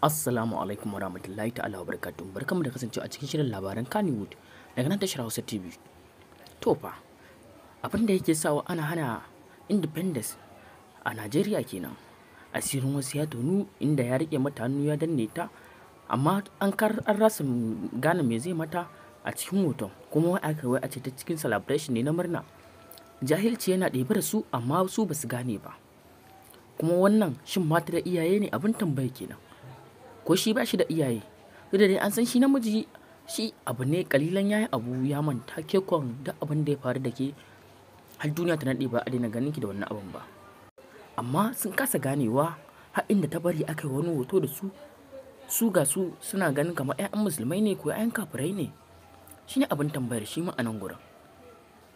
Assalamu alaikum warahmatullahi ta'ala wabarakatuh barkamu da kasancewa a cikin shirin labaran Kannywood daga nan tashar Hausa TV. To fa abin da yake sawa ana hana independence a Najeriya kenan. Asirin wasu ya tonu inda ya rike mata hannu ya danne ta amma an kar an rasa gane me zai mata a cikin hoton kuma wai aka wai a ce ta cikin celebration ne na murna. Jahilci yana ɗebe da su amma su basu gane ba. Kuma wannan shin mata da iyaye ne abin tambaya kenan. ko shi ba shi da iyaye duk da an san shi namiji shi abu ne kalilan yayi abu ya manta ke kon da abin da ya faru da ke har duniya ta nade ba a daina ganin ki da wannan abin ba amma sun kasa ganewa har inda ta bari aka yi wani hoto da su su ga su suna ganin kamar 'ya'yan musulmai ne ko 'ya'yan kafirai ne shine abin tambayar shi ma anan nan gurin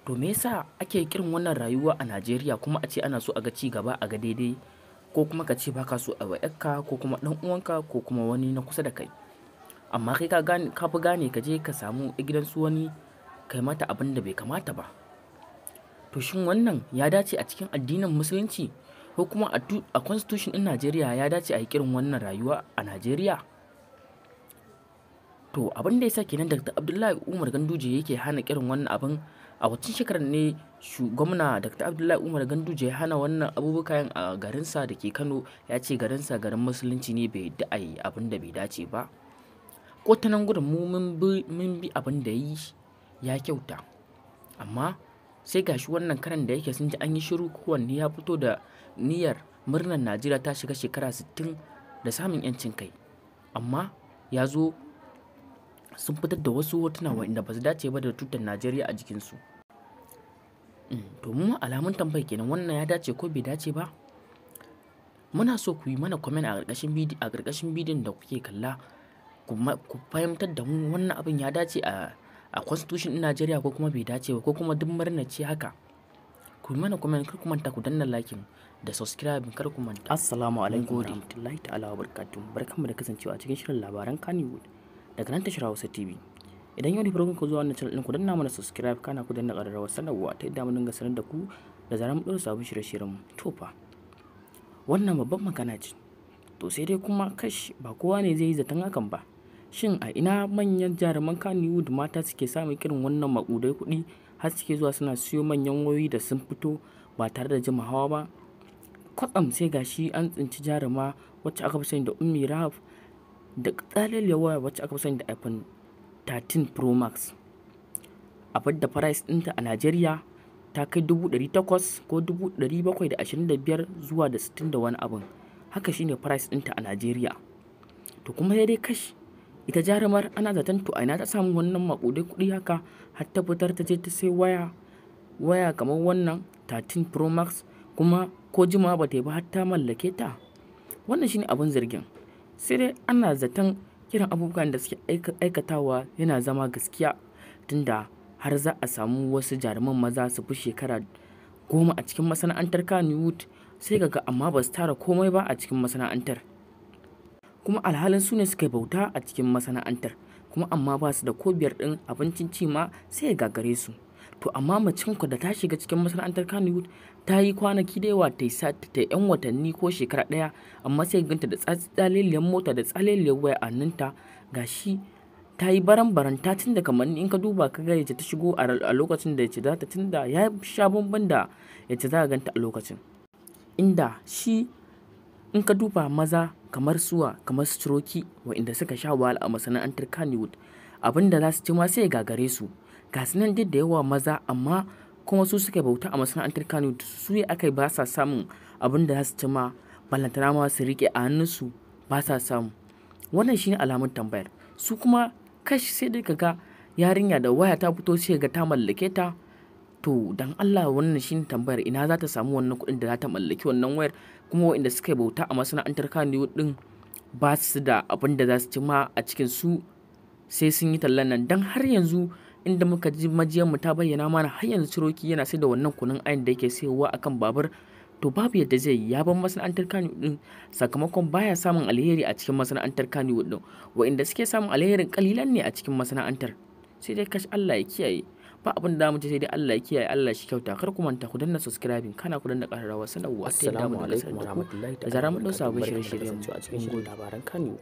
to me yasa ake kirin wannan rayuwa a Najeriya kuma a ce ana so a ga ci gaba a ga daidai ko kuma ka ce baka so a wa ka, ko kuma ɗan uwanka ko kuma wani na kusa da kai amma kai ka gane ka fi gane ka je ka samu gidan su wani kai mata abin da bai kamata ba to shin wannan ya dace a cikin addinin musulunci ko kuma a constitution ɗin Najeriya ya dace a kirin wannan rayuwa a Najeriya to abin da yasa kenan Dr. Abdullahi Umar Ganduje yake hana kirin wannan abin A wacce shekarar ne gwamna Dr. Abdullahi Umar Ganduje ya hana wannan abubuwan a garinsa da ke Kano ya ce garinsa garin musulunci ne bai da a yi abin da bai dace ba. Ko ta nan gudun mu mun bi abin da yi ya kyauta. Amma sai gashi wannan karan da yake sun ji an yi shiru kowanne ya fito da niyyar murnar Najeriya ta shiga shekara 60 da samun 'yancin kai. Amma ya zo sun fitar da wasu hotuna waɗanda ba su dace ba da tutar najeriya a jikinsu mm, to mu alamun tambayi kenan wannan ya dace ko bai dace ba muna so ku yi mana comment a ƙarƙashin bidiyon da kuke kalla ku fahimtar da mu wannan abin ya dace a a constitution din Najeriya ko kuma bai dace ba ko kuma duk murna ce haka ku yi mana comment kar ku manta ku danna like da subscribe kar ku manta assalamu alaikum warahmatullahi ta'ala barkan barkamu da kasancewa cikin shirin labaran Kannywood daga nan tashar Hausa TV. Idan yau ne farkon ku zuwa wannan channel ku danna mana subscribe kana ku danna ƙararrawar sanarwa ta yadda mun dinga sanar da ku da zaran mun ɗora sabon shirye-shiryen mu. To fa wannan babban magana ce. To sai dai kuma kash ba kowa ne zai yi zaton hakan ba. Shin a ina manyan jaruman Kannywood mata suke samun irin wannan maƙudai kuɗi har suke zuwa suna siyo manyan wayoyi da sun fito ba tare da jimawa ba? Kwatsam sai gashi an tsinci jaruma wacce aka fi sani da Ummi Rahab da tsaliliyar waya wacce aka sani da iPhone 13 Pro Max. A fadda price ɗinta a nigeria ta kai 800 ko 725 zuwa da 60 da wani abin. Haka shine price ɗinta a nigeria To kuma ya dai kashi ita jarumar ana zaton to ina ta samu wannan maƙudai kuɗi haka har ta fitar ta je ta sai waya waya kamar wannan 13 pro max kuma ko jima ba ta yi ba har ta mallake ta wannan shine abin zargin sai dai ana zaton kiran abubuwan da suke aikatawa yana zama gaskiya tunda har za a samu wasu jaruman maza su fi shekara goma a cikin masana'antar kannywood sai ga amma ba su tara komai ba a cikin masana'antar kuma alhalin su ne suka bauta a cikin masana'antar kuma amma ba su da ko biyar ɗin abincin ci ma sai ga gare su to amma macen ku da ta shiga cikin masana'antar kannywood ta yi kwanaki da yawa ta yi sati ta yan watanni ko shekara ɗaya amma sai ganta da tsaliliyar mota da tsaliliyar waya a ninta gashi ta yi baran-baran ta tunda kamar in ka duba ka ga yace ta shigo a lokacin da yace za ta tunda ya sha bamban da yace za ka ganta a lokacin inda shi in ka duba maza kamar suwa kamar stroki inda suka sha wahala a masana'antar kannywood abinda za su ci ma sai gagare su ga su nan da yawa maza amma kuma su suka bauta a masana'antar kano su ya aka ba sa samun abin da su cima ma ballantana ma su rike a hannunsu ba sa samu wannan shine alamun tambayar su kuma kashi sai dai kaga yarinya da waya ta fito sai ga ta mallake ta to dan Allah wannan shine tambayar ina za ta samu wannan kuɗin da za ta mallaki wannan wayar kuma waɗanda suka bauta a masana'antar kano din ba su da abin da za su cima ma a cikin su sai sun yi tallan nan dan har yanzu inda muka ji majiyar mu ta bayyana mana har yanzu Ciroki yana sai da wannan kunun ayin da yake sayowa akan babur to babu yadda zai ya ban masana'antar kano din sakamakon baya samun alheri a cikin masana'antar kano din wa'inda suke samun alherin kalilan ne a cikin masana'antar sai dai kashi Allah ya kiyaye ba abin da mu ce sai dai Allah ya kiyaye Allah shi kyauta kar ku manta ku danna subscribing kana ku danna kararrawa sanarwa ta yadda mu da warahmatullahi da zaran mun dau sabon shirye-shiryen mu a cikin labaran kano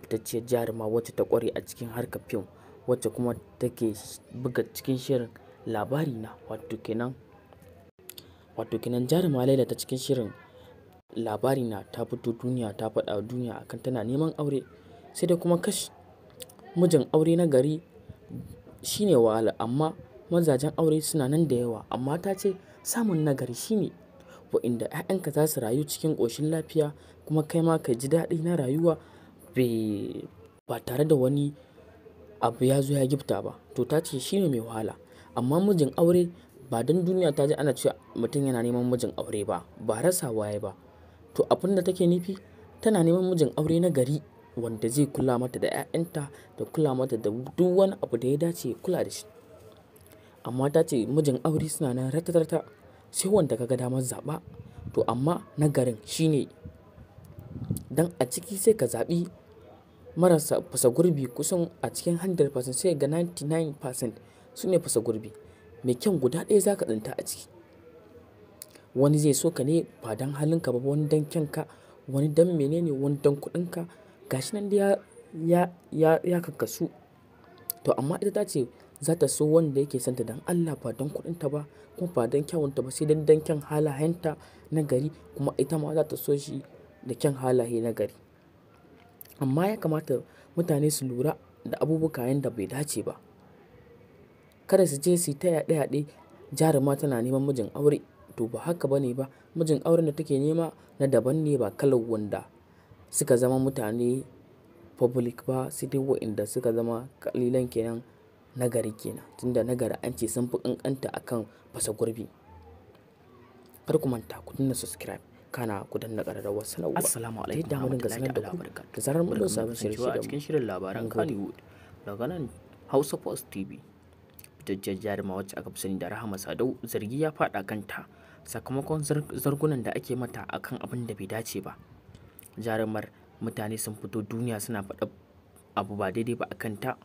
fitacciyar jaruma wacce ta kware a cikin harkar fim wacce kuma take buga cikin shirin labari na wato kenan, wato kenan jaruma Laila ta cikin shirin labari na ta fito duniya ta faɗa duniya akan tana neman aure. Sai dai kuma kash mijin aure na gari shine wahala amma mazajen aure suna nan da yawa amma ta ce samun nagari shine wa'inda 'ya'yanka za su rayu cikin ƙoshin lafiya kuma kai ma ka ji daɗi na rayuwa ba tare da wani abu ya zo ya gifta ba. To ta ce shine mai wahala. Amma mijin aure ba don duniya ta ji ana cewa mutum yana neman mijin aure ba, ba rasa waye ba. To abin da take nufi tana neman mijin aure na gari wanda zai kula mata da 'ya'yanta da kula mata da duk wani abu da ya dace kula da shi. Amma ta ce mijin aure suna nan ratatarta sai wanda ka ga damar zaɓa. To amma na garin shine. Dan a ciki sai ka zaɓi marasa fasa gurbi kusan a cikin 100% sai ga 99% su ne fasa gurbi mai kyan guda ɗaya za ka tsinta a ciki wani zai so ka ne ba don halinka ba wani don kyanka wani don menene wani don kuɗinka shi nan da ya ya ya to amma ita ta ce za ta so wanda yake santa don Allah ba don kuɗinta ba kuma ba don kyawunta ba sai don don kyan halayenta na gari kuma ita ma za ta so shi da kyan halaye na gari Amma ya kamata mutane su lura da abubuwa yadda bai dace ba. Kada su je su yi ta yaɗe-yaɗe jaruma tana neman mijin aure. To ba haka ba ne ba. Mijin auren da take nema na daban ne ba kalar wanda suka zama mutane public ba, sai dai wainda suka zama kalilan kenan nagari kenan Tunda nagari an ce sun fi ƙanƙanta akan fasa gurbi. Kar ku manta ku tuna subscribe. kana ku danna ƙararrawar salawa. assalamu alaikum da mun sanar da ku da zarar mun samu shirye a cikin shirin labaran Hollywood daga nan Hausa Post TV fitaccen jarima wacce aka fi sani da Rahama Sadau zargi ya faɗa kanta sakamakon zargunan da ake mata akan abin da bai dace ba jarumar mutane sun fito duniya suna faɗa abu ba daidai ba a ta.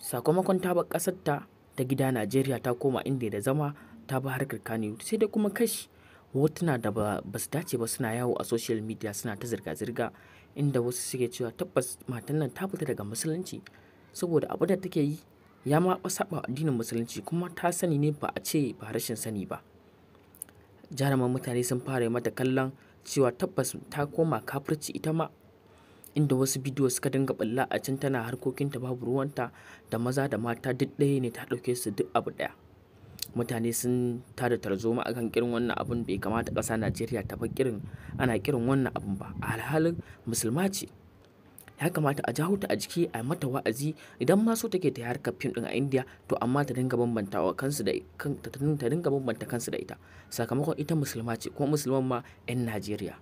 sakamakon ta kasarta ta gida najeriya ta koma inda da zama ta ba harkar kaniyu sai da kuma kashi hotuna da ba su dace ba suna yawo a social media suna ta zirga-zirga inda wasu suke cewa tabbas matan nan ta fita daga musulunci saboda abu da take yi ya ma saba addinin musulunci kuma ta sani ne ba a ce ba rashin sani ba jaruman mutane sun fara mata kallon cewa tabbas ta koma kafirci ita ma inda wasu bidiyo suka dinga balla a can tana harkokinta babu ruwanta da maza da mata duk ɗaya ne ta ɗauke su duk abu ɗaya mutane sun tada tarzoma akan kirin wannan abun bai kamata ƙasa Najeriya ta bar kirin ana kirin wannan abun ba alhalin musulma ce ya kamata a jawo ta a jiki a mata wa'azi idan ma so take ta yi harkar fim din a India to amma ta dinga bambanta wa kansu da ta dinga bambanta kansu da ita sakamakon ita musulma ce kuma musulman ma 'yan Najeriya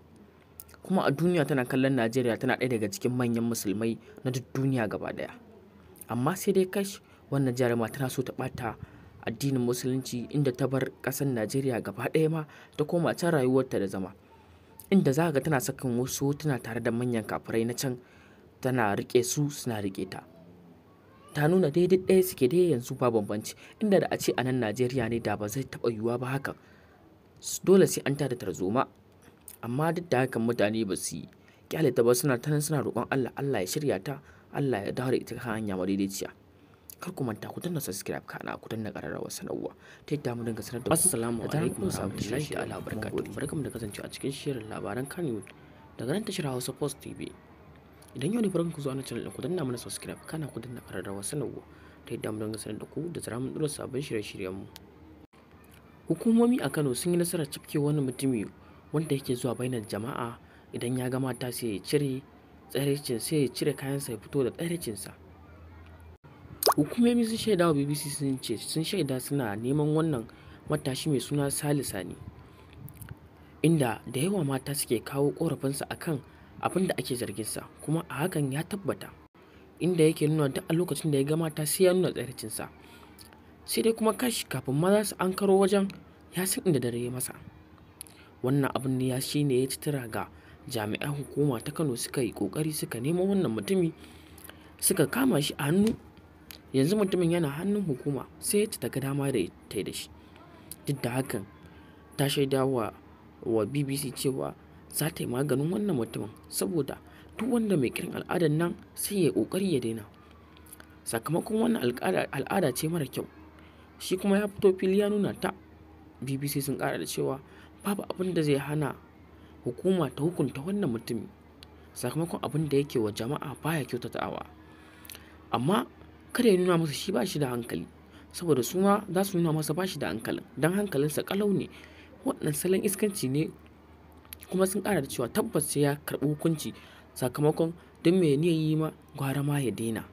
kuma a duniya tana kallon Najeriya tana ɗaya daga cikin manyan musulmai na duk duniya gaba ɗaya amma sai dai kash wannan jaruma tana so ta ɓata addinin musulunci inda ta bar kasar najeriya gaba ɗaya ma ta koma can rayuwarta da zama inda za ga tana sakin wasu tana tare da manyan kafirai na can tana riƙe su suna riƙe ta ta nuna daidai daya suke dai yanzu ba bambanci inda da a ce a nan najeriya ne da ba zai taɓa yiwuwa ba haka dole sai an tada tarzoma amma duk da hakan mutane ba su yi kyale ba suna ta suna roƙon allah allah ya shirya ta allah ya dawo da ita hanya madaidaiciya kar ku manta ku danna subscribe kana ku danna ƙararrawar sanarwa ta yadda mu dinga sanar da assalamu alaikum wa rahmatullahi ta'ala barakatuh barkamu da kasancewa a cikin shirin labaran Kano daga nan tashar Hausa Post TV idan yau ne farkon ku zuwa na channel ku danna mana subscribe kana ku danna ƙararrawar sanarwa ta yadda mu dinga sanar da ku da tsara mun dora sabbin shirye-shiryen mu hukumomi a Kano sun yi nasarar cifke wani mutumi wanda yake zuwa bainar jama'a idan ya ga mata sai ya cire tsarecin sai ya cire kayansa ya fito da sa hukumomi sun shaida wa bbc sun ce sun shaida suna neman wannan matashi mai suna salisa ne inda da yawa mata suke kawo korafinsa akan abin da ake zarginsa kuma a hakan ya tabbata inda yake nuna duk a lokacin da ya ga mata sai ya nuna tsaricinsa sai dai kuma kashi kafin maza su an karo wajen ya san inda dare masa wannan abin ne ya shi ne ya citira ga jami'an hukuma ta kano suka yi kokari suka nemo wannan mutumi suka kama shi a hannu yanzu mutumin yana hannun hukuma sai ta daga dama da ta da shi duk da hakan ta shaida wa bbc cewa za ta yi maganin wannan mutumin saboda duk wanda mai kirin al'adar nan sai ya kokari ya daina sakamakon wannan al'ada ce mara kyau shi kuma ya fito fili ya nuna ta bbc sun kara da cewa babu abin da zai hana hukuma ta hukunta wannan mutumin sakamakon abin da yake wa jama'a baya kyautatawa amma kada ya nuna masa shi ba shi da hankali saboda su ma za su nuna masa ba shi da hankalin don hankalinsa kalau ne waɗannan salon iskanci ne kuma sun ƙara da cewa tabbas sai ya karɓi hukunci sakamakon don me ne yi ma gwara ma ya daina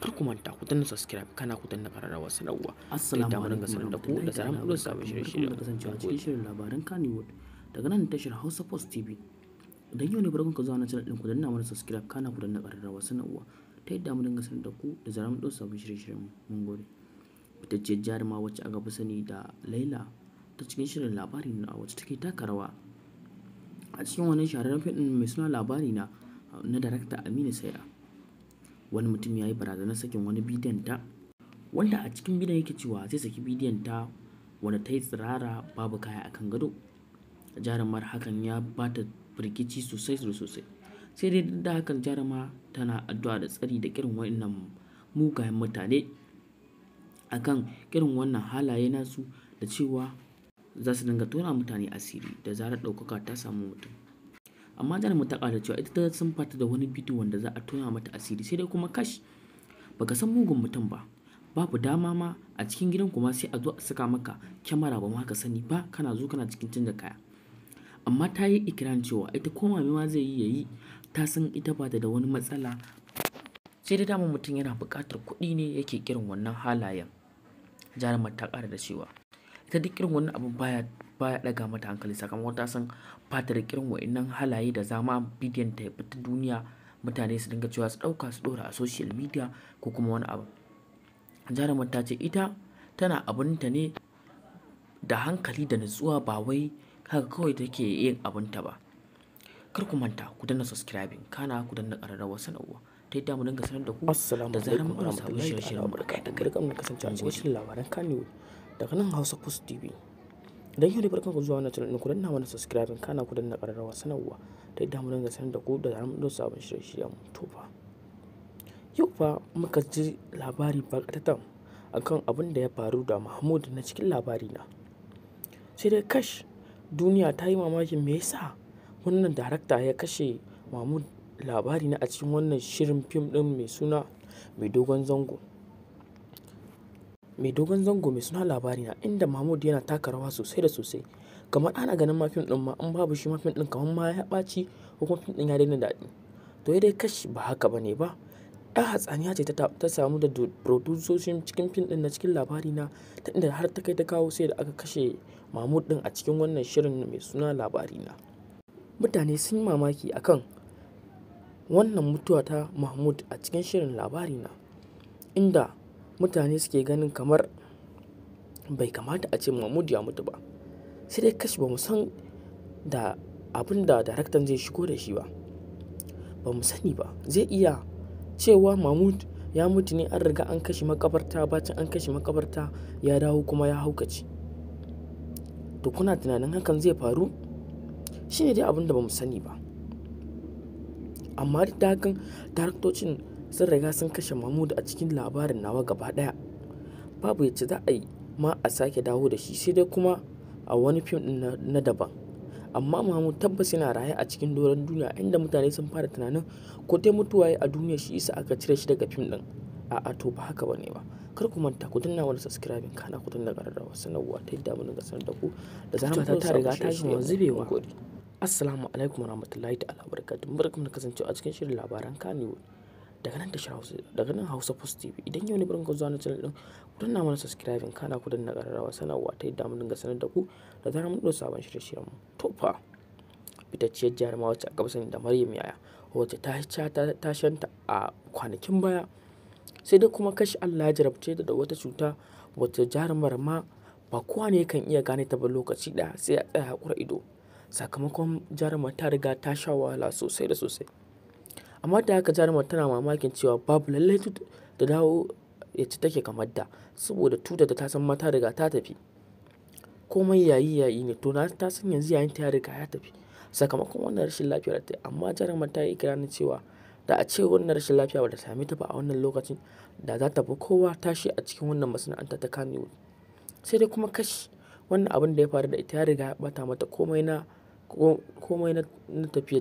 kar ku manta ku danna subscribe kana ku danna kararrawa sanarwa assalamu alaikum sanar da ku da zaran mu sabon shirye-shirye kasancewa cikin shirin labaran Kannywood daga nan tashar Hausa Post TV don yau ne barkan ka zuwa na channel din ku danna mana subscribe kana ku danna kararrawa sanarwa ta yadda mu dinga sanar da ku da zaran mun sabon shirye-shiryen mun gode fitacciyar jaruma wacce aka fi sani da laila ta cikin shirin labari na wacce take taka rawa a cikin wannan shahararren fim mai suna labari na na darakta aminu saira wani mutum ya yi barazanar sakin wani bidiyon ta wanda a cikin bidiyon yake cewa zai saki bidiyon ta wanda ta yi tsirara babu kaya akan gado jarumar hakan ya bata firgici sosai sosai sai dai duk da hakan jaruma tana addu'a da tsari da kirin wannan mugayen mutane akan kirin wannan halaye nasu da cewa za su dinga tona mutane asiri da zarar ɗaukaka ta samu mutum amma mu ta da cewa ita ta sun fata da wani bidiyo wanda za a tona mata asiri sai dai kuma kash baka san mugun mutum ba babu dama ma a cikin gidan kuma sai a zo a saka maka kyamara ba ma ka sani ba kana zo kana cikin canza kaya amma ta yi ikiran cewa ita koma ma zai yi ya yi ta san ita ba da wani matsala sai da dama mutum yana buƙatar kuɗi ne yake kirin wannan halayen jarumar ta ƙara da cewa ita duk irin wannan abu baya baya ɗaga mata hankali sakamakon ta san fatar kirin wa'innan halaye da zama bidiyon ta fita duniya mutane su dinga cewa su ɗauka su ɗora a social media ko kuma wani abu jarumar ta ce ita tana abinta ne da hankali da nutsuwa ba wai haka kawai take yin abinta ba kar ku manta ku danna subscribing kana ku danna ƙararrawa sanarwa ta yadda mu dinga sanar da ku da zarar wa rahmatullahi wa shirye-shiryen mu da kai da garkan mu kasance a cikin labaran Kano daga nan Hausa Post TV dan yau da barkan ku zuwa wannan channel ku danna mana subscribing kana ku danna ƙararrawa sanarwa ta yadda mu dinga sanar da ku da zarar mun rasa sabon shirye-shiryen mu to fa yau fa muka ji labari ba katatan akan abin da ya faru da Mahmud na cikin labari na sai dai kash duniya ta yi mamakin me yasa Wannan darakta ya kashe mamu labari na a cikin wannan shirin fim din mai suna Mai Dogon Zango. Mai Dogon Zango mai suna labari na inda Mahmud yana taka rawa sosai da sosai. Kamar ana ganin mafin din ma in babu shi mafin din kamar ma ya ɓaci ko kuma fim din ya daina daɗi. To dai kashi ba haka ba ne ba. ɗan hatsaniya ce ta samu da furodusoshin cikin fim din na cikin labari na ta inda har ta kai ta kawo sai da aka kashe Mahmud din a cikin wannan shirin mai suna labari na. Mutane sun yi mamaki akan wannan mutuwa ta Mahmud a cikin shirin labari na. inda mutane suke ganin kamar bai kamata a ce Mahmud ya mutu ba. Sai dai kashi ba mu san da abin da daraktan zai shigo da shi ba. Ba mu sani ba. Zai iya cewa Mahmud ya mutu ne an riga an kashe makabarta, bacin an kashi makabarta ya dawo kuma ya haukace. To kuna tunanin hakan zai faru? shi ne dai abin da ba mu sani ba amma duk da hakan daraktocin sun riga sun kashe mahmud a cikin labarin nawa gaba daya babu yace za a yi ma a sake dawo da shi sai dai kuma a wani fim na daban amma mahmud tabbas yana raye a cikin doron duniya inda mutane sun fara tunanin ko dai mutuwa a duniya shi isa aka cire shi daga fim din a'a to ba haka bane ba kar ku manta ku danna wani subscribe kana ku danna kararrawa sanarwa ta yadda mun ga sanar da ku da zama ta riga ta gama zubewa Assalamu alaikum warahmatullahi ta'ala barakatuhu barkamu da kasancewa a cikin shirin labaran Kano daga nan tashar Hausa daga nan Hausa Post TV idan yau ne barin ku zuwa na channel din ku danna mana subscribing kana ku danna kararrawa sanarwa ta yadda mu dinga sanar da ku da zarar mun dora sabon shirye-shiryen mu to fa fitacciyar jarumawa wacce aka sani da Maryam Yaya wacce ta ta shanta a kwanakin baya sai dai kuma kashi Allah ya jarabce da wata cuta wacce jarumar ma ba kowa ne kan iya gane ta ba lokaci ɗaya sai a tsaya haƙura ido Sakamakon jarumar ta riga ta sha wahala sosai da sosai. Amma da haka jarumar tana mamakin cewa babu lallai Tudu ta dawo ci take kamar da saboda tuta da ta san ma ta riga ta tafi. Komai yayi yayi ne to ta san yanzu yayinta ya riga ya tafi. Sakamakon wannan rashin lafiyar da ta yi amma jarumar ta yi kirani cewa da a ce wannan rashin lafiya ba ta same ta ba a wannan lokacin da za ta bi kowa tashi a cikin wannan masana'anta ta Kannywood. Sai dai kuma kashi wannan abin da ya faru da ita ya riga ya bata mata komai na komai na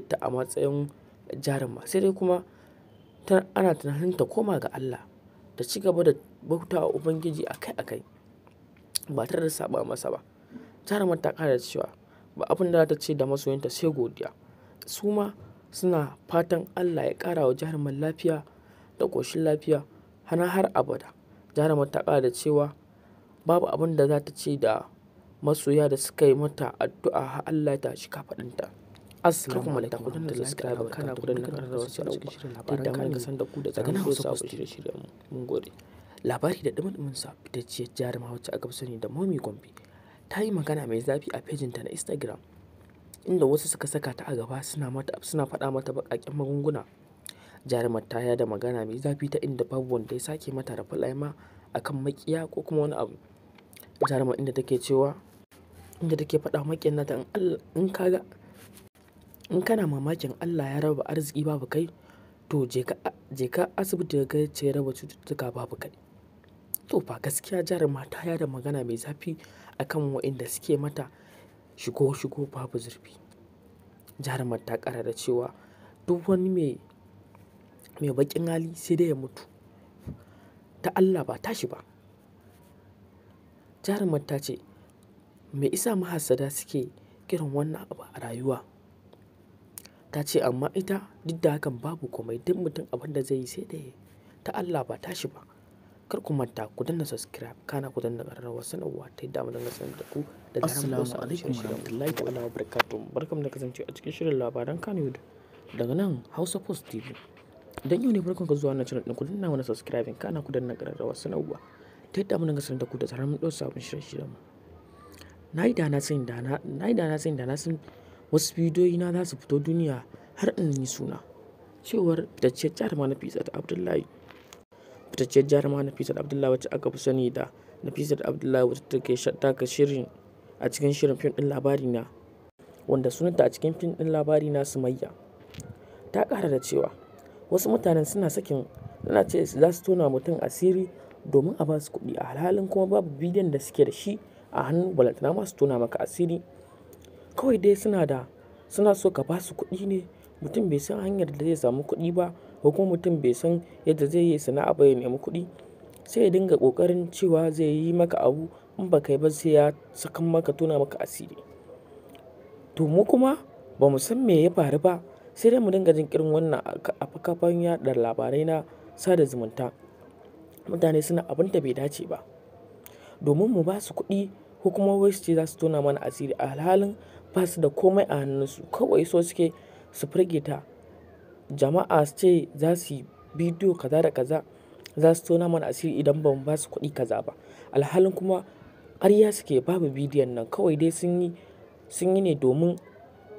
ta a matsayin jarumma. Sai dai kuma ana tunanin ta koma ga Allah, ta ci gaba da bauta wa Ubangiji akai-akai. batar ba tare da saba masa ba. Jarumar ta ƙara da cewa ba abin da za ta ce da masoyinta sai godiya. Su ma suna fatan Allah ya ƙara wa jarumar lafiya da ƙoshin lafiya hana har abada. Jarumar ta ƙara da cewa babu abin da za ta ce da masoya da suka yi mata addu'a har Allah ya tashi kafaɗinta. Assalamu alaikum kudan da subscribe kana kudan da karrawa sai cikin shirin labaran da ka san da ku da zagan Hausa ku shirye shirye mu. Mun gode. Labari da dumin sa fitacciyar jarima wacce aka fi sani da Momi Gombe ta yi magana mai zafi a ta na Instagram inda wasu suka saka ta a gaba suna mata suna faɗa mata baƙaƙen magunguna jarumar ta da magana mai zafi ta inda babu wanda ya sake mata rafa laima akan makiya ko kuma wani abu jarumar inda take cewa inda take faɗa maƙin nata in Allah in ka ga in kana mamakin Allah ya raba arziki babu kai to je ka je ka asibiti ga ce ya raba cututtuka babu kai to fa gaskiya jaruma mata ya da magana mai zafi akan waɗanda suke mata shigo shigo babu zurfi jarumar ta ƙara da cewa duk wani mai mai baƙin hali sai dai ya mutu ta Allah ba tashi ba jarumar ta ce Me isa mahasada suke kiran wannan abu a rayuwa? Ta ce amma ita duk da hakan babu komai duk mutum abin da zai yi sai dai ta Allah ba tashi ba. Kar ku manta ku danna subscribe kana ku danna ƙararrawar sanarwa ta yadda mu danna sanar da ku da zaran mu wasu alaikum warahmatullahi ta'ala wa barakatuh. Barkamu da kasance a cikin shirin labaran Kannywood daga nan Hausa Post TV. Dan yau ne barkan ka zuwa wannan channel din ku danna wannan subscribe kana ku danna ƙararrawar sanarwa ta yadda mu danna sanar da ku da zaran mu wasu sabon shirye-shiryen mu. Na yi dana tsayin dana da na, na yi na za su fito duniya har in yi suna. Cewar fitacciyar jaruma Nafisat Abdullahi. Fitacciyar jaruma da Abdullahi wacce aka fi sani da Nafisat Abdullahi wacce ke taka shirin a cikin shirin fim din labari na wanda sunanta a cikin fim din labari na Sumayya. Ta ƙara da cewa wasu mutanen suna sakin suna ce za su tona mutum asiri domin a ba su kuɗi a halin kuma babu bidiyon da suke da shi a hannun balantana ma su tona maka asiri kawai dai suna da suna so ka basu kuɗi ne mutum bai san hanyar da zai samu kuɗi ba ko kuma mutum bai san yadda zai yi sana'a ba ya nemi kuɗi sai ya dinga ƙoƙarin cewa zai yi maka abu in ba kai ba sai ya sakan maka tona maka asiri to mu kuma ba mu san me ya faru ba sai dai mu dinga jin irin wannan a kafan yaɗa labarai na sada zumunta mutane suna abin bai dace ba domin mu ba su kuɗi ko kuma su ce za su tona mana asiri. Alhalin ba su da komai a hannunsu. Kawai so suke su firgita jama'a su ce za su yi bidiyo kaza da kaza, za su tona mana asiri idan ba mu ba su kuɗi kaza ba. Alhalin kuma arya suke babu bidiyon nan kawai dai sun yi, ne domin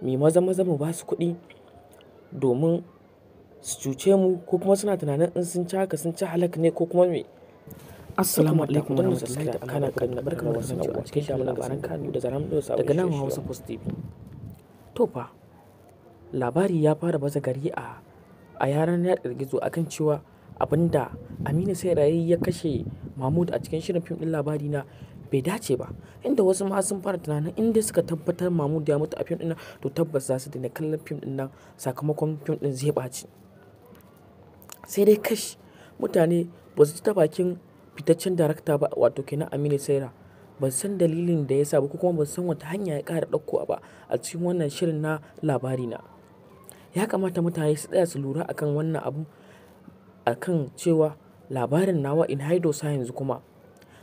mu maza-maza mu ba su kuɗi domin su cuce mu ko kuma suna tunanin in sun ci haka sun ci halak ne ko kuma me. Assalamu alaikum wa rahmatullahi barakatuh kana kan barkan wasu na a cikin labaran kanu da zaran da daga nan Hausa Post TV. To fa labari ya fara baza gari a a yaran ya gizo akan cewa abinda Aminu sai rayi ya kashe Mahmud a cikin shirin fim din labari na bai dace ba inda wasu ma sun fara tunanin in dai suka tabbatar Mahmud ya mutu a fim din to tabbas za su daina kallon fim din nan sakamakon fim din zai ɓaci. Sai dai kash mutane ba su ta bakin fitaccen darakta ba wato kenan Aminu Saira. Ban san dalilin da ya sa ba ko kuma ban san wata hanya ya kara ɗauko ba a cikin wannan shirin na labari na. Ya kamata mutane su tsaya su lura akan wannan abu, akan cewa labarin nawa in haido sa yanzu kuma.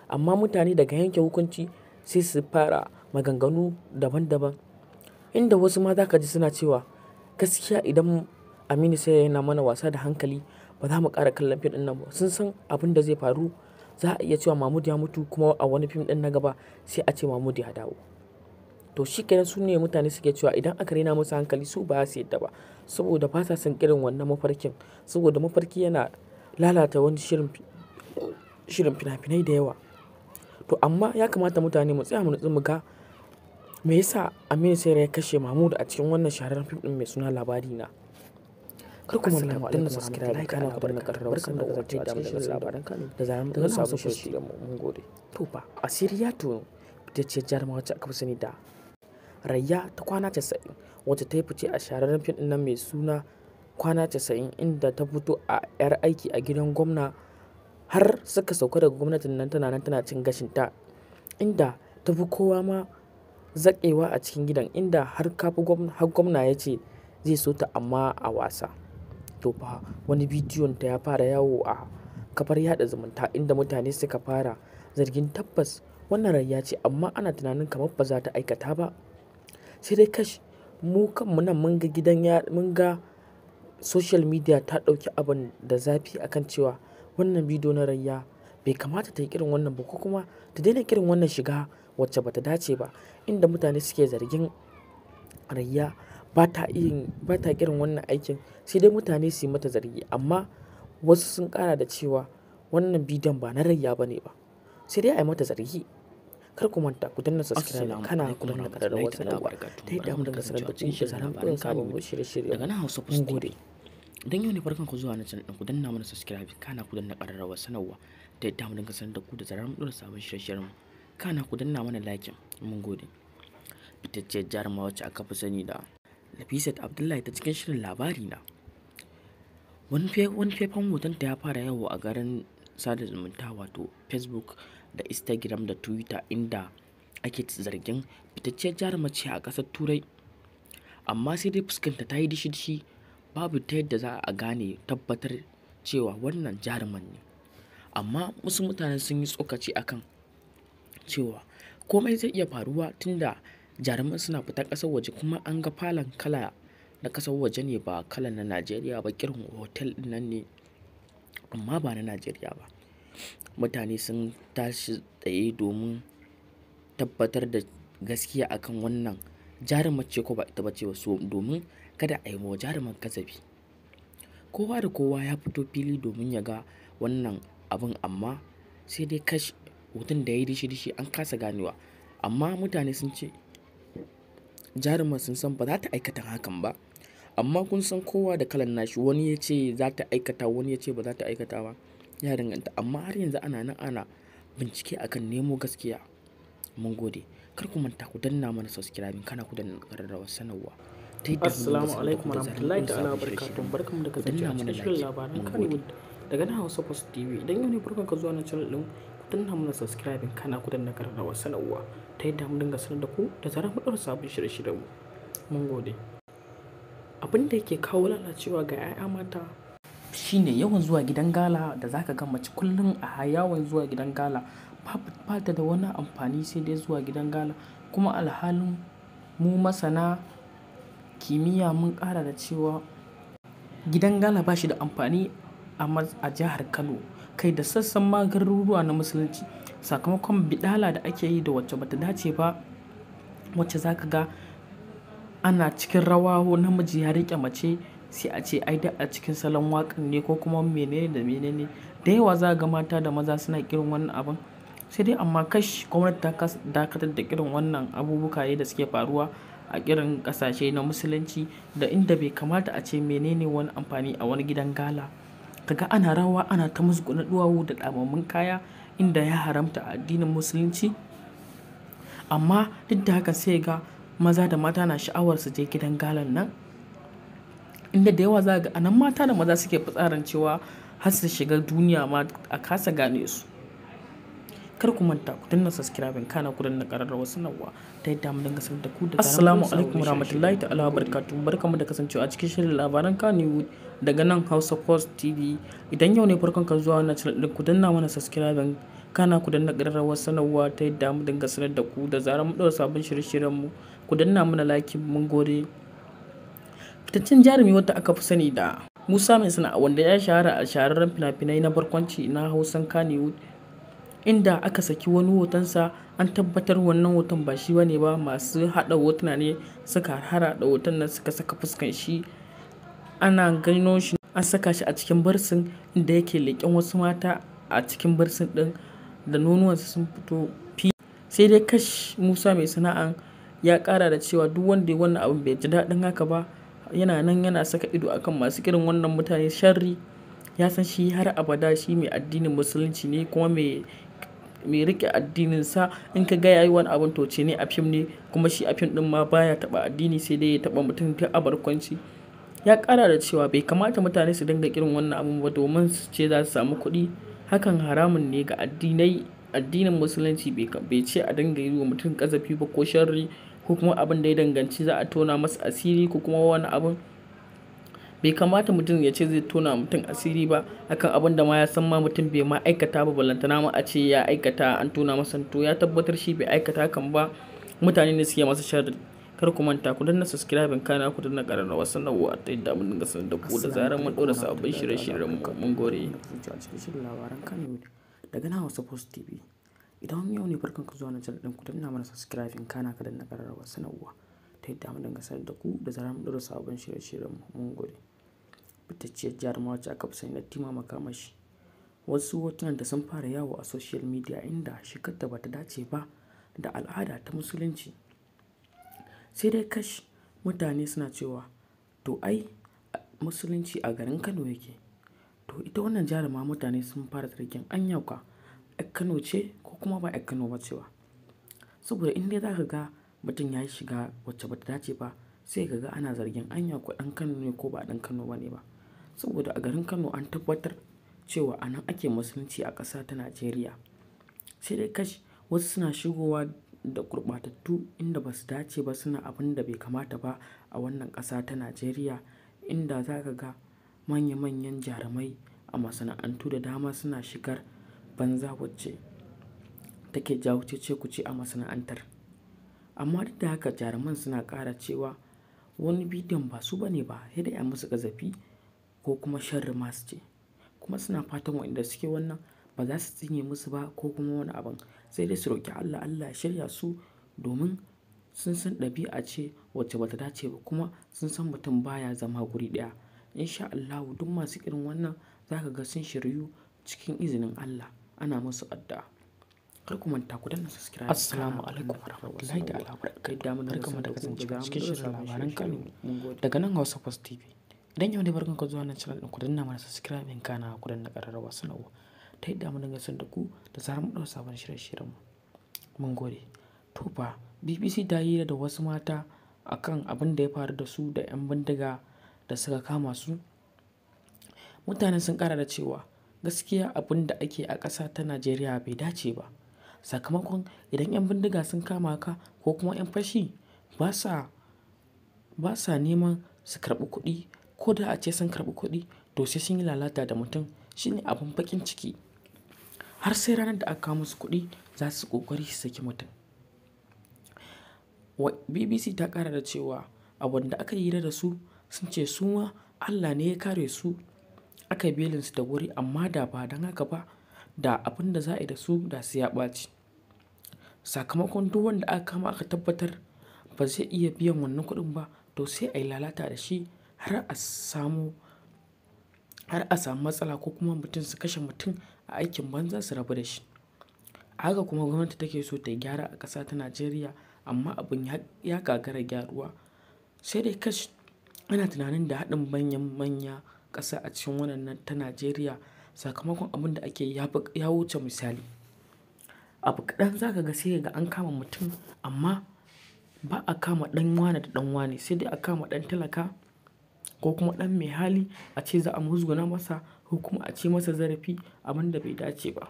Amma mutane daga yanke hukunci sai su fara maganganu daban daban. Inda wasu ma zaka ka ji suna cewa gaskiya idan Aminu Saira yana mana wasa da hankali ba za mu kara kallon fim nan ba. Sun san abin da zai faru za a iya cewa Mahmud ya mutu kuma a wani fim din na gaba sai a ce Mahmud ya dawo. To shi kenan su ne mutane suke cewa idan aka raina musu hankali su ba su yadda ba saboda ba sa son irin wannan mafarkin saboda mafarki yana lalata wani shirin shirin fina-finai da yawa. To amma ya kamata mutane mu tsaya mu nutsu mu ga me yasa Aminu Saira ya kashe Mahmud a cikin wannan shahararren fim din mai suna Labari na. kar ku manta ku danna subscribe kana ku danna karrawar sanarwa ta da mu labaran kanu da zaran da samu shi da mu mun gode to fa asiriya to ta ce jarumawa wacce aka fi sani da rayya ta kwana 90 wacce ta yi fice a shahararren fim nan mai suna kwana 90 inda ta fito a yar aiki a gidan gwamna har suka sauka daga gwamnatin nan tana nan tana cin gashin ta inda ta fi kowa ma zaƙewa a cikin gidan inda har kafin gwamna ya ce zai so ta amma a wasa to fa wani bidiyon ta ya fara yawo a kafar yada zumunta inda mutane suka fara zargin tabbas wannan rayya ce amma ana tunanin kamar ba za ta aikata ba sai dai kash mu kanmu nan mun ga gidan ya mun ga social media ta ɗauki abin da zafi akan cewa wannan bidiyo na rayya bai kamata ta yi irin wannan ba ko kuma ta daina irin wannan shiga wacce bata dace ba inda mutane suke zargin rayya ba ta iya, ba ta wannan aikin. Sai dai mutane su yi mata zargi amma wasu sun kara da cewa wannan bidiyon ba na rayya ba ne ba. Sai dai a yi mata zargi. Kar ku manta ku danna subscribe kana ku danna ƙararrawar sanarwa ta yi damu daga sanar da ku da zaran kun sabon shirye-shirye. Daga nan Hausa kusa gode. Dan yau ne farkon ku zuwa na can ku danna mana subscribe kana ku danna ƙararrawar sanarwa ta yi damu daga sanar da ku da zaran mu sabon shirye-shiryen mu. Kana ku danna mana like mun gode. Ita ce jarumawa wacce aka fi sani da Nafisat Abdullahi ta cikin shirin labari na. Wani faifan hotonta ya fara yawo a garin sada zumunta wato Facebook da Instagram da Twitter inda ake zargin fitacciyar jarumace a ƙasar Turai. Amma sai dai fuskanta ta yi dishi-dishi babu ta yadda za a gane tabbatar cewa wannan jaruman ne. Amma wasu mutane sun yi tsokaci akan cewa komai zai iya faruwa tunda jaruman suna fita ƙasar waje kuma an ga falon kala na kasar waje ne ba kalan na najeriya ba kirin hotel nan ne amma ba na najeriya ba mutane sun tashi tsaye domin tabbatar da gaskiya akan wannan jaruman ce ko ba ita ba ce so domin kada a yi jaruman kasafi kowa da kowa ya fito fili domin ya ga wannan abin amma sai dai kashi hoton da ya yi dishi-dishi an kasa ganewa amma mutane sun ce jaruma sun san ba za ta aikata hakan ba amma kun san kowa da kalan nashi wani ya ce za ta aikata wani ya ce ba za ta aikata ba ya danganta amma har yanzu ana nan ana bincike akan nemo gaskiya mun gode kar ku manta ku danna mana subscribe kana ku danna karrawa sanarwa assalamu alaikum warahmatullahi ta'ala barakatuh barkamu da kasancewa cikin shirin labaran Kannywood daga na Hausa Post TV idan yau ne farkon ka zuwa na channel din ku danna mana subscribe kana ku danna karrawa sanarwa ta yadda mu dinga sanar da ku da zarar mu ɗaura sabon shirye-shiryen mu. Mun gode. Abin da yake kawo lalacewa ga 'ya'ya mata shine yawan zuwa gidan gala da zaka ga mace kullum a yawan zuwa gidan gala ba ta da wani amfani sai dai zuwa gidan gala kuma alhalin mu masana kimiyya mun ƙara da cewa gidan gala ba shi da amfani a jihar Kano kai da sassan maganin ruwa na musulunci sakamakon bidala da ake yi da wacce bata dace ba wacce za ka ga ana cikin rawa namiji ya rike mace sai a ce ai da a cikin salon wakan ne ko kuma menene da menene da yawa za ga mata da maza suna kirin wannan abin sai dai amma kash gwamnati ta dakatar da kirin wannan abubuwa da suke faruwa a kirin kasashe na musulunci da inda bai kamata a ce menene wani amfani a wani gidan gala kaga ana rawa ana ta musguna duwawu da damammun kaya inda ya haramta a addinin musulunci amma duk da haka sai ga maza da mata na sha'awar su je gidan galan nan inda da yawa za ga anan mata da maza suke fitsarin cewa har su shiga duniya ma a kasa gane su kar ku manta ku danna subscribe kana ku danna kararrawa sanarwa ta yadda mu dinga sanar da ku da assalamu alaikum warahmatullahi ta'ala wabarakatuh barkamu da kasancewa a cikin shirin labaran Kannywood daga nan Hausa Post TV idan yau ne farkon ka zuwa wannan channel din ku danna mana subscribe kana ku danna kararrawa sanarwa ta yadda mu dinga sanar da ku da zarar mu daura sabon shirye-shiryen mu ku danna mana like mun gode fitaccen jarumi wanda aka fi sani da Musa mai sana'a wanda ya shahara a shahararren fina-finai na barkwanci na Hausan Kannywood inda aka saki wani hotonsa an tabbatar wannan hoton ba shi bane ba masu hada hotuna ne suka da hoton nan suka saka fuskan shi ana gano shi an saka shi a cikin bursin inda yake leƙen wasu mata a cikin bursin ɗin da nonuwansa sun fito fi sai dai kash musa mai sana'a ya kara da cewa duk wanda ya wannan abin bai ji daɗin haka ba yana nan yana saka ido akan masu irin wannan mutane sharri ya san shi har abada shi mai addinin musulunci ne kuma mai mai riƙe addininsa in ka ga yi wani abun to ne a fim ne kuma shi a fim ɗin ma baya taba addini sai dai ya taba mutum ta abarkwanci ya kara da cewa bai kamata mutane su dinga irin wannan abun ba domin su ce za su samu kuɗi hakan haramun ne ga addinai addinin musulunci bai ce a dinga yi wa mutum kazafi ba ko sharri ko kuma abin da ya danganci za a tona masa asiri ko kuma wani abin Bai kamata mutum ya ce zai tona mutum asiri ba akan abin da ma ya san ma mutum bai ma aikata ba ballantana ma a ce ya aikata an tona masa to ya tabbatar shi bai aikata kan ba mutane ne suke masa shar kar ku manta ku danna subscribe in kana ku danna karanta wasu nawo a ta yadda mun dinga sanar da ku da zarar mun dora sabbin shirye-shiryen mu mun gore daga na Hausa Post TV idan mun yau ne barkan ku zuwa na channel din ku danna mana subscribe in kana ka danna karanta wasu nawo ta yadda mun dinga sanar da ku da zarar mun dora sabbin shirye-shiryen mu mun gore fitacciyar jaruma mawaci aka fi da Tima Makamashi. Wasu hotunan da sun fara yawo a social media inda shigarta ba ta dace ba da al'ada ta Musulunci. Sai dai kash mutane suna cewa to ai Musulunci a garin Kano yake. To ita wannan jaruma mutane sun fara zargin an yauka Kano ce ko kuma ba a Kano ba ce Saboda in dai za ka ga mutum ya yi shiga wacce ba ta dace ba sai ka ga ana zargin anya ko ɗan Kano ne ko ba ɗan Kano ba ne ba. saboda a garin Kano an tabbatar cewa a nan ake musulunci a ƙasa ta Najeriya. Sai dai kash wasu suna shigowa da gurɓatattu inda ba su dace ba suna abin da bai kamata ba a wannan ƙasa ta Najeriya inda za ka ga manya manyan jarumai a masana'antu da dama suna shigar banza wacce take jawo cece-kuce a masana'antar. Amma duk da haka jaruman suna ƙara cewa wani bidiyon ba su bane ba, sai dai ai musu gazafi. ko kuma sharri masu ce. Kuma suna fatan waɗanda suke wannan ba za su tsine musu ba ko kuma wani abin. Sai dai su roƙi Allah Allah shirya su domin sun san ɗabi'a ce wacce ba ta dace ba kuma sun san mutum baya zama guri ɗaya. In sha duk masu irin wannan za ka ga sun shiryu cikin izinin Allah. Ana musu addu'a. Kar ku manta ku danna subscribe. Assalamu alaikum warahmatullahi ta'ala wabarakatuh. kai da kasance cikin shirin labaran Kano daga nan Hausa Post TV. Idan yau ne bar ku zuwa nan channel din ku danna mana subscribe in kana ku danna wasu nawo ta yadda mu dinga da ku da zarar mu dauka sabon shirye-shiryen mu. Mun gode. To fa BBC ta yi da wasu mata akan abin da ya faru da su da 'yan bindiga da suka kama su. Mutanen sun kara da cewa gaskiya abin da ake a ƙasa ta Najeriya bai dace ba. Sakamakon idan 'yan bindiga sun kama ka ko kuma 'yan fashi ba sa, ba sa neman su karɓi kuɗi ko da a ce sun karɓi kuɗi to sai sun yi lalata da mutum shine abin bakin ciki har sai ranar da aka kawo musu kuɗi za su ƙoƙari su saki mutum bbc ta ƙara da cewa abinda da aka yi da su sun ce su allah ne ya kare su aka belin su da wuri amma da ba don haka ba da abin da za a yi da su da su ya ɓaci sakamakon duk wanda aka kama aka tabbatar ba zai iya biyan wannan kuɗin ba to sai a yi lalata da shi har a samu matsala ko kuma mutum su kashe mutum a aikin banza su rabu da shi. Haka kuma gwamnati take so ta gyara a ƙasa ta Najeriya amma abin ya gagara gyaruwa. Sai dai kash ana tunanin da haɗin manyan manya ƙasa a cikin wannan ta Najeriya sakamakon abin da ake ya wuce misali. Abu kaɗan za ka ga sai ga an kama mutum amma ba a kama ɗan wane da ɗan wane sai dai a kama ɗan talaka ko kuma ɗan mai hali a ce za a musguna masa ko kuma a ce masa zarafi abin da bai dace ba.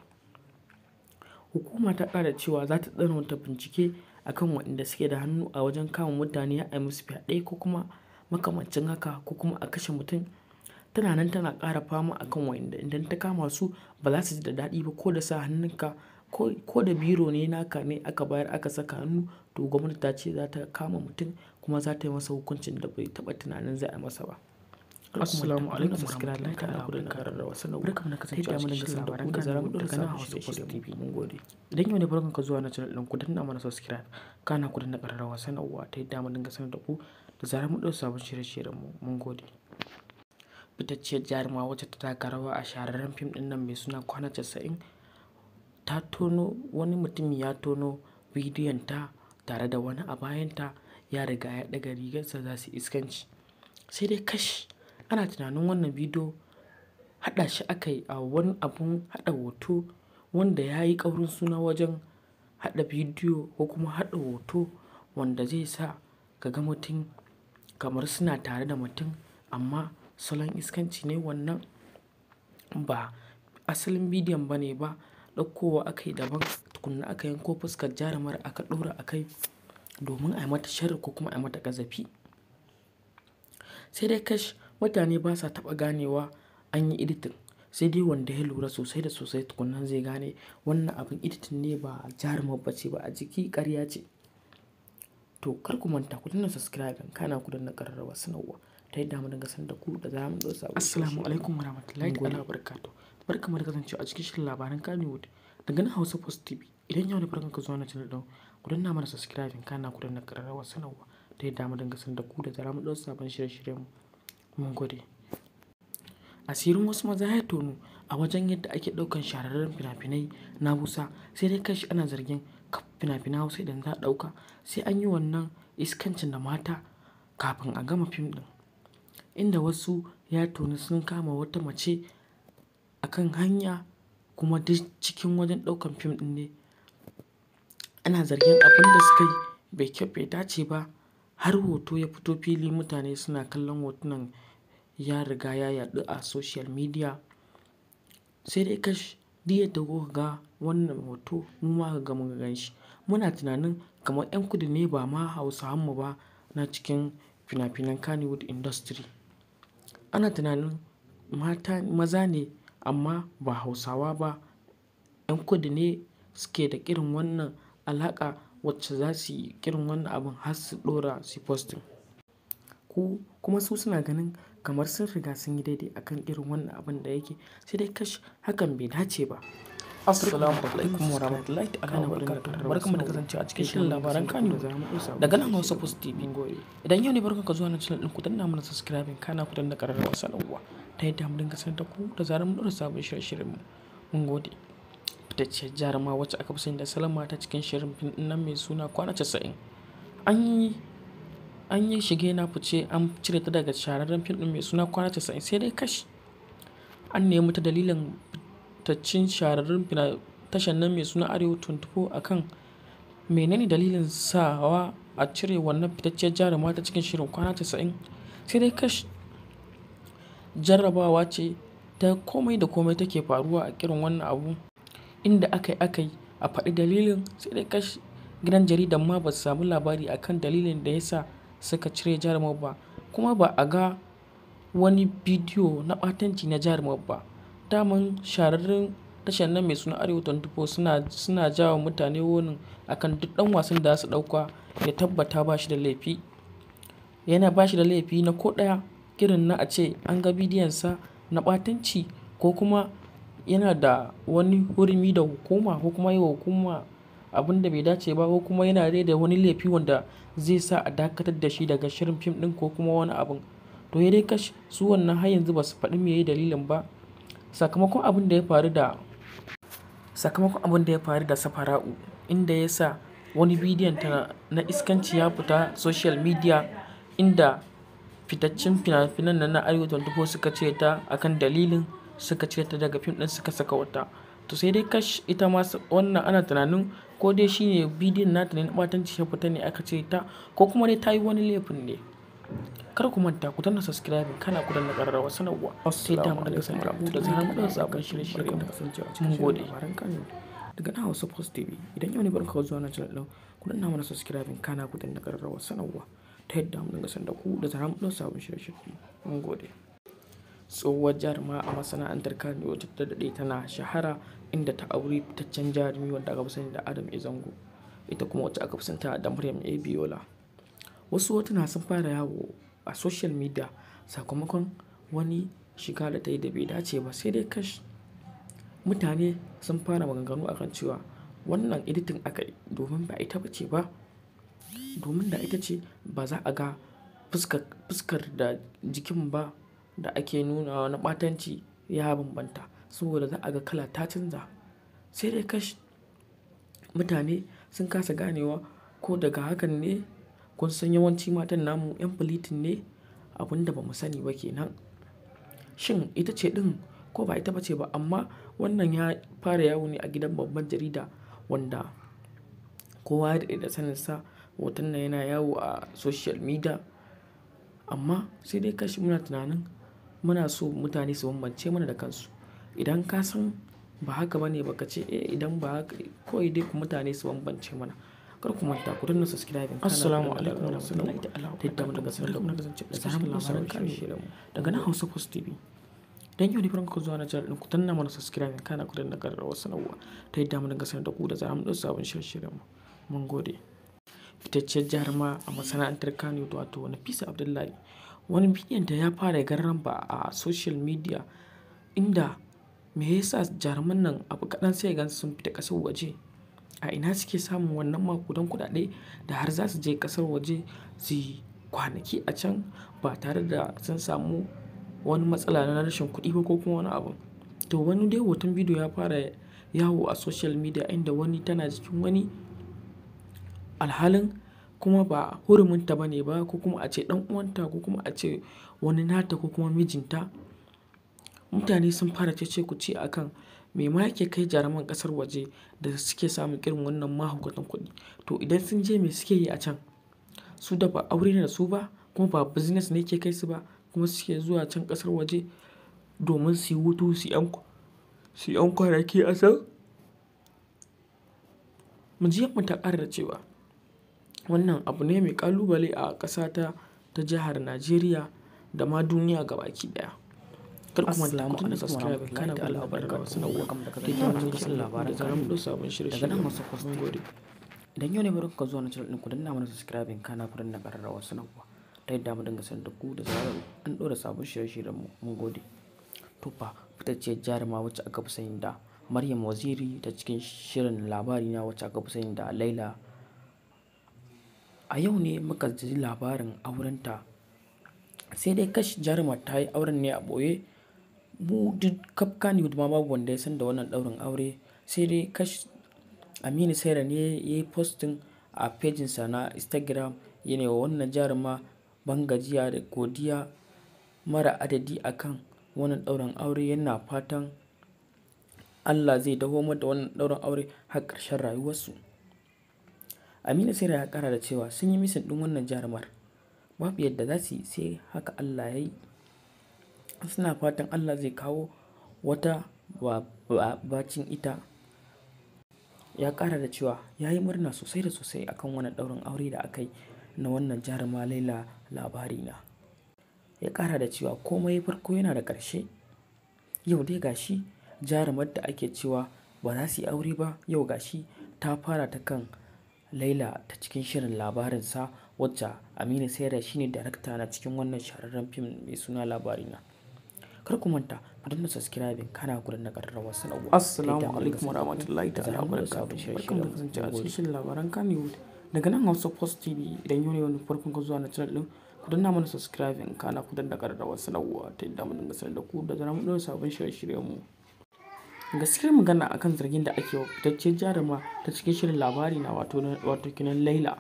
Hukuma ta ƙara cewa za ta tsananta bincike a kan waɗanda suke da hannu a wajen kama mutane ai musu fyaɗe ko kuma makamancin haka ko kuma a kashe mutum. Tana nan tana kara fama a kan waɗanda idan ta kama su ba za su ji da daɗi ba ko da sa hannunka ko da biro ne naka ne aka bayar aka saka hannu to gwamnati ta ce za ta kama mutum kuma za ta yi masa hukuncin da bai taba tunanin za a masa ba. Assalamu alaikum warahmatullahi ta'ala wa barakatuh. da barkamu na kasance a cikin labaran da zaran da kana hawa Hausa Post TV. Mun gode. Idan yau ne barkan ka zuwa na channel din ku na mana subscribe. Kana ku danna kararrawa sanarwa ta yadda mu dinga sanar da ku da zaran mun dauki sabon shirye-shiryen mu. Mun gode. Fitacciyar jarumawa wacce ta taka rawa a shahararren fim din nan mai suna kwana 90 ta tono wani mutum ya tono bidiyon ta tare da wani a bayanta ya riga ya daga rigarsa za su iskanci. Sai dai kashi ana tunanin wannan bidiyo haɗa shi aka yi a wani abun haɗa hoto wanda ya yi ƙaurin suna wajen haɗa bidiyo ko kuma haɗa hoto wanda zai sa ka mutum kamar suna tare da mutum amma salon iskanci ne wannan ba asalin bidiyon ba ne ba ɗaukowa aka yi daban kunna aka yanko fuskar jarumar aka ɗora a kai domin a yi mata sharri ko kuma a yi mata gazafi. Sai dai kash mutane ba sa taɓa ganewa an yi editing sai dai wanda ya lura sosai da sosai tukunan zai gane wannan abin editing ne ba jarumar ba ce ba a jiki ƙarya ce. To kar ku manta ku danna subscribe kana ku danna ƙararrawa sanarwa ta yadda mu dinga sanar da ku da zamu ɗau sabon. Assalamu alaikum warahmatullahi wabarakatuh. Barkamu da kasancewa a cikin shirin labaran kanewood daga na Hausa Post TV. Idan yau ne farkon ka zuwa na channel ɗin, ku danna mana subscribing kana ku danna ƙararrawar sanarwa ta yadda mu dinga san da ku da zarar da sabon shirye shirye mu. Mun gode. Asirin wasu maza ya tono a wajen yadda ake ɗaukan shahararren finafinai na busa sai dai kashi ana zargin fina-finan Hausa idan za a ɗauka sai an yi wannan iskancin da mata kafin a gama fim ɗin. Inda wasu ya tono sun kama wata mace akan hanya kuma duk cikin wajen ɗaukan fim ɗin ne Ana zargin abin da suka yi bai kyau bai dace ba. Har hoto ya fito fili mutane suna kallon hotunan ya riga ya yadu a social media. Sai dai kash, diya da ga wannan hoto mu ma ga muka gan shi. Muna tunanin kamar 'yan kudu ne ba ma Hausawan mu ba na cikin fina-finan Kannywood industry. Ana tunanin mata maza ne amma ba Hausawa ba. 'Yan kudu ne suke da irin wannan alaƙa wacce za su yi irin wannan abin har su ɗora su posting. Ku kuma su suna ganin kamar sun riga sun yi daidai akan irin wannan abin da yake sai dai kash hakan bai dace ba. Assalamu alaikum warahmatullahi ta'ala wabarakatuh. Barkamu da kasancewa a cikin shirin labaran Kano daga nan Hausa Post TV. Idan yau ne barkan ka zuwa na channel din ku danna mana subscribing kana ku danna kararrawar sanarwa ta yadda mu dinga sanar da ku da zarar mun ɗora sabon shirye-shiryen mu. Mun gode. fitacciyar jaruma wacce aka fi sani da salon ta cikin shirin fim ɗin nan mai suna Kwana Casa'in. An yi, an yi shige na fice an cire ta daga shahararren fim ɗin mai suna Kwana Casa'in sai dai kashi An nemi ta dalilin fitaccen shahararren fina tashar nan mai suna Arewa a kan menene dalilin sawa a cire wannan fitacciyar jaruma ta cikin shirin Kwana Casa'in sai dai kashi jarrabawa ce ta komai da komai take faruwa a kirin wannan abu inda aka yi aka yi a faɗi dalilin sai dai kashi gidan jaridan ma ba su samu labari akan dalilin da ya sa suka cire jarumar ba kuma ba a ga wani bidiyo na ɓatanci na jarumar ba daman shararrun tashar na mai suna arewa 24 suna suna jawo mutane wonin akan duk dan wasan da su ɗauka ya tabbata ba shi da laifi yana ba shi da laifi na ko ɗaya irin na a ce an ga bidiyon sa na ɓatanci ko kuma yana da wani hurumi da hukuma ko kuma yi wa hukuma abin da bai dace ba ko kuma yana dai da wani laifi wanda zai sa a dakatar da shi daga shirin fim din ko kuma wani abin To ya dai kashi su wannan har yanzu ba su faɗi meye dalilin ba. Sakamakon abin da ya faru da, sakamakon abin da ya faru da Safara'u inda ya sa wani bidiyon ta na iskanci ya fita social media inda fitaccen fina-finan na na Arewa 24 suka ce ta akan dalilin suka cire ta daga fim din suka saka wata. To sai dai kash ita ma wannan ana tunanin ko dai shine bidiyon nata ne na ɓatanci ya fita ne aka cire ta ko kuma dai ta yi wani laifin ne. Kar ku manta ku danna subscribe kana ku danna ƙararrawa sanarwa. Sai da mu daga sanar ku da zarar mu sabon shirye-shirye mun gode. Daga na Hausa Post TV idan yau ne barka zuwa na channel ku danna mana subscribe kana ku danna ƙararrawa sanarwa ta yadda mu daga sanar ku da zarar mu sabon shirye-shirye mun gode. Tsohuwar jaruma a masana'antar Kannywood ta daɗe tana shahara inda ta auri fitaccen jarumi wanda aka fi sani da Adam izango Zango, ita kuma wacce aka fi santa da Maryam A. Biola. Wasu hotuna sun fara yawo a social media sakamakon wani shiga da ta yi da bai dace ba sai dai kash. Mutane sun fara maganganu akan cewa wannan editin aka yi domin ba ita ba ce ba, domin da ita ce ba za a ga fuskar, fuskar da jikin ba. da ake nunawa na ɓatanci ya bambanta saboda za a ga kala ta canza. Sai dai kashi mutane sun kasa ganewa ko daga hakan ne kun san yawanci matan namu 'yan filitin ne abinda da ba mu sani ba kenan Shin ita ce ɗin ko ba ita bace ce ba amma wannan ya fara yawo ne a gidan babban jarida wanda kowa da daɗe da saninsa hoton nan yana yawo a social media amma sai dai kashi muna tunanin muna so mutane su bambance mana da kansu. Idan ka san ba haka bane ne ba ka ce eh idan ba haka kawai dai ku mutane su bambance mana. Kar ku manta ku danna subscribe subscribing. Assalamu alaikum wa rahmatullahi ta'ala. Da yadda muka sanar da mu da samun labaran karshe da mu. Daga nan Hausa Post TV. Dan yau ne farin ku zuwa na channel ku danna mana subscribe kana ku danna karrawar sanarwa ta yadda mu dinga sanar da ku da zamu ɗau sabon shirye-shiryen mu. Mun gode. fitaccen jarma a masana'antar Kano wato Nafisa Abdullahi Wani da ya fara garramba a social media inda me yasa jaruman nan abu kaɗan sai gan sun fita ƙasar waje. A ina suke samun wannan makudan kuɗaɗe da har za su je ƙasar waje su yi kwanaki a can ba tare da sun samu wani matsala na rashin kuɗi ba ko kuma wani abu. To wani dai hoton bidiyo ya fara yawo a social media inda wani tana jikin wani alhalin kuma ba huruminta ba ne ba ko kuma a ce ɗan uwanta ko kuma a ce wani nata ko kuma mijinta. Mutane sun fara cece ku a kan me ma yake kai jaruman ƙasar waje da suke samun irin wannan mahaukatan kuɗi. To idan sun je me suke yi a can? Su da ba aure ne da su ba kuma ba business ne ke kai su ba kuma suke zuwa can kasar waje domin su yi hutu, su yan, an kwanaki a can. Mu ji mu ta ƙara da cewa. Wannan abu ne mai kalubale a ƙasata ta jihar Najeriya da ma duniya gabaki ɗaya. Kar kuma manta ku danna subscribe kana da alamar sanarwa da yawan lokacin labaran da zaran mun ɗau sabon shirye-shirye. Mun gode. Idan yau ne barin ka zuwa na channel ɗin ku danna mana subscribe kana ku danna ƙararrawar sanarwa ta yadda mu dinga sanar da ku da zaran an ɗora sabon shirye-shiryen mu. Mun gode. Tufa fitacciyar jaruma wacce aka fi sani da Maryam Waziri ta cikin shirin labari na wacce aka fi sani da Laila A yau ne muka ji labarin aurenta. Sai dai kashi jarumar ta yi auren ne a ɓoye. Mu duk kafka ne ma babu wanda ya san da wannan ɗaurin aure. Sai dai kashi Aminu Saira ne ya yi postin a pejinsa na Instagram yana wa wannan jaruma ban gajiya da godiya mara adadi a kan wannan ɗaurin aure yana fatan Allah zai dawo mata wannan ɗaurin aure har karshen rayuwarsu. Aminu Sera ya kara da cewa sun yi misin ɗin wannan jarumar. Babu yadda za su yi sai haka Allah ya yi. Suna fatan Allah zai kawo wata bacin ita. Ya kara da cewa ya yi murna sosai da sosai akan wannan ɗaurin aure da aka yi na wannan jarumar Laila Labarina. Ya ƙara da cewa komai farko yana da ƙarshe. Yau dai gashi jarumar da ake cewa ba za su yi aure ba yau gashi ta fara ta kan Laila ta cikin shirin labarinsa wacce Aminu shi ne darakta na cikin wannan shahararren fim mai suna Labarina. Kar ku manta ku danna subscribing kana ku danna ƙararrawar sanarwa. Assalamu alaikum warahmatullahi ta'ala wabarakatuh. Barkan da kasance a cikin shirin labaran Kannywood. Daga nan Hausa Post TV idan yau wani farkon ka zuwa na channel din ku danna mana subscribing kana ku danna ƙararrawar sanarwa ta yadda mu dinga sanar da ku da zaran ɗora sabon shirye-shiryen mu. Gaskiyar magana akan zargin da ake wa fitacciyar jaruma ta cikin shirin labari na wato, kinan Laila.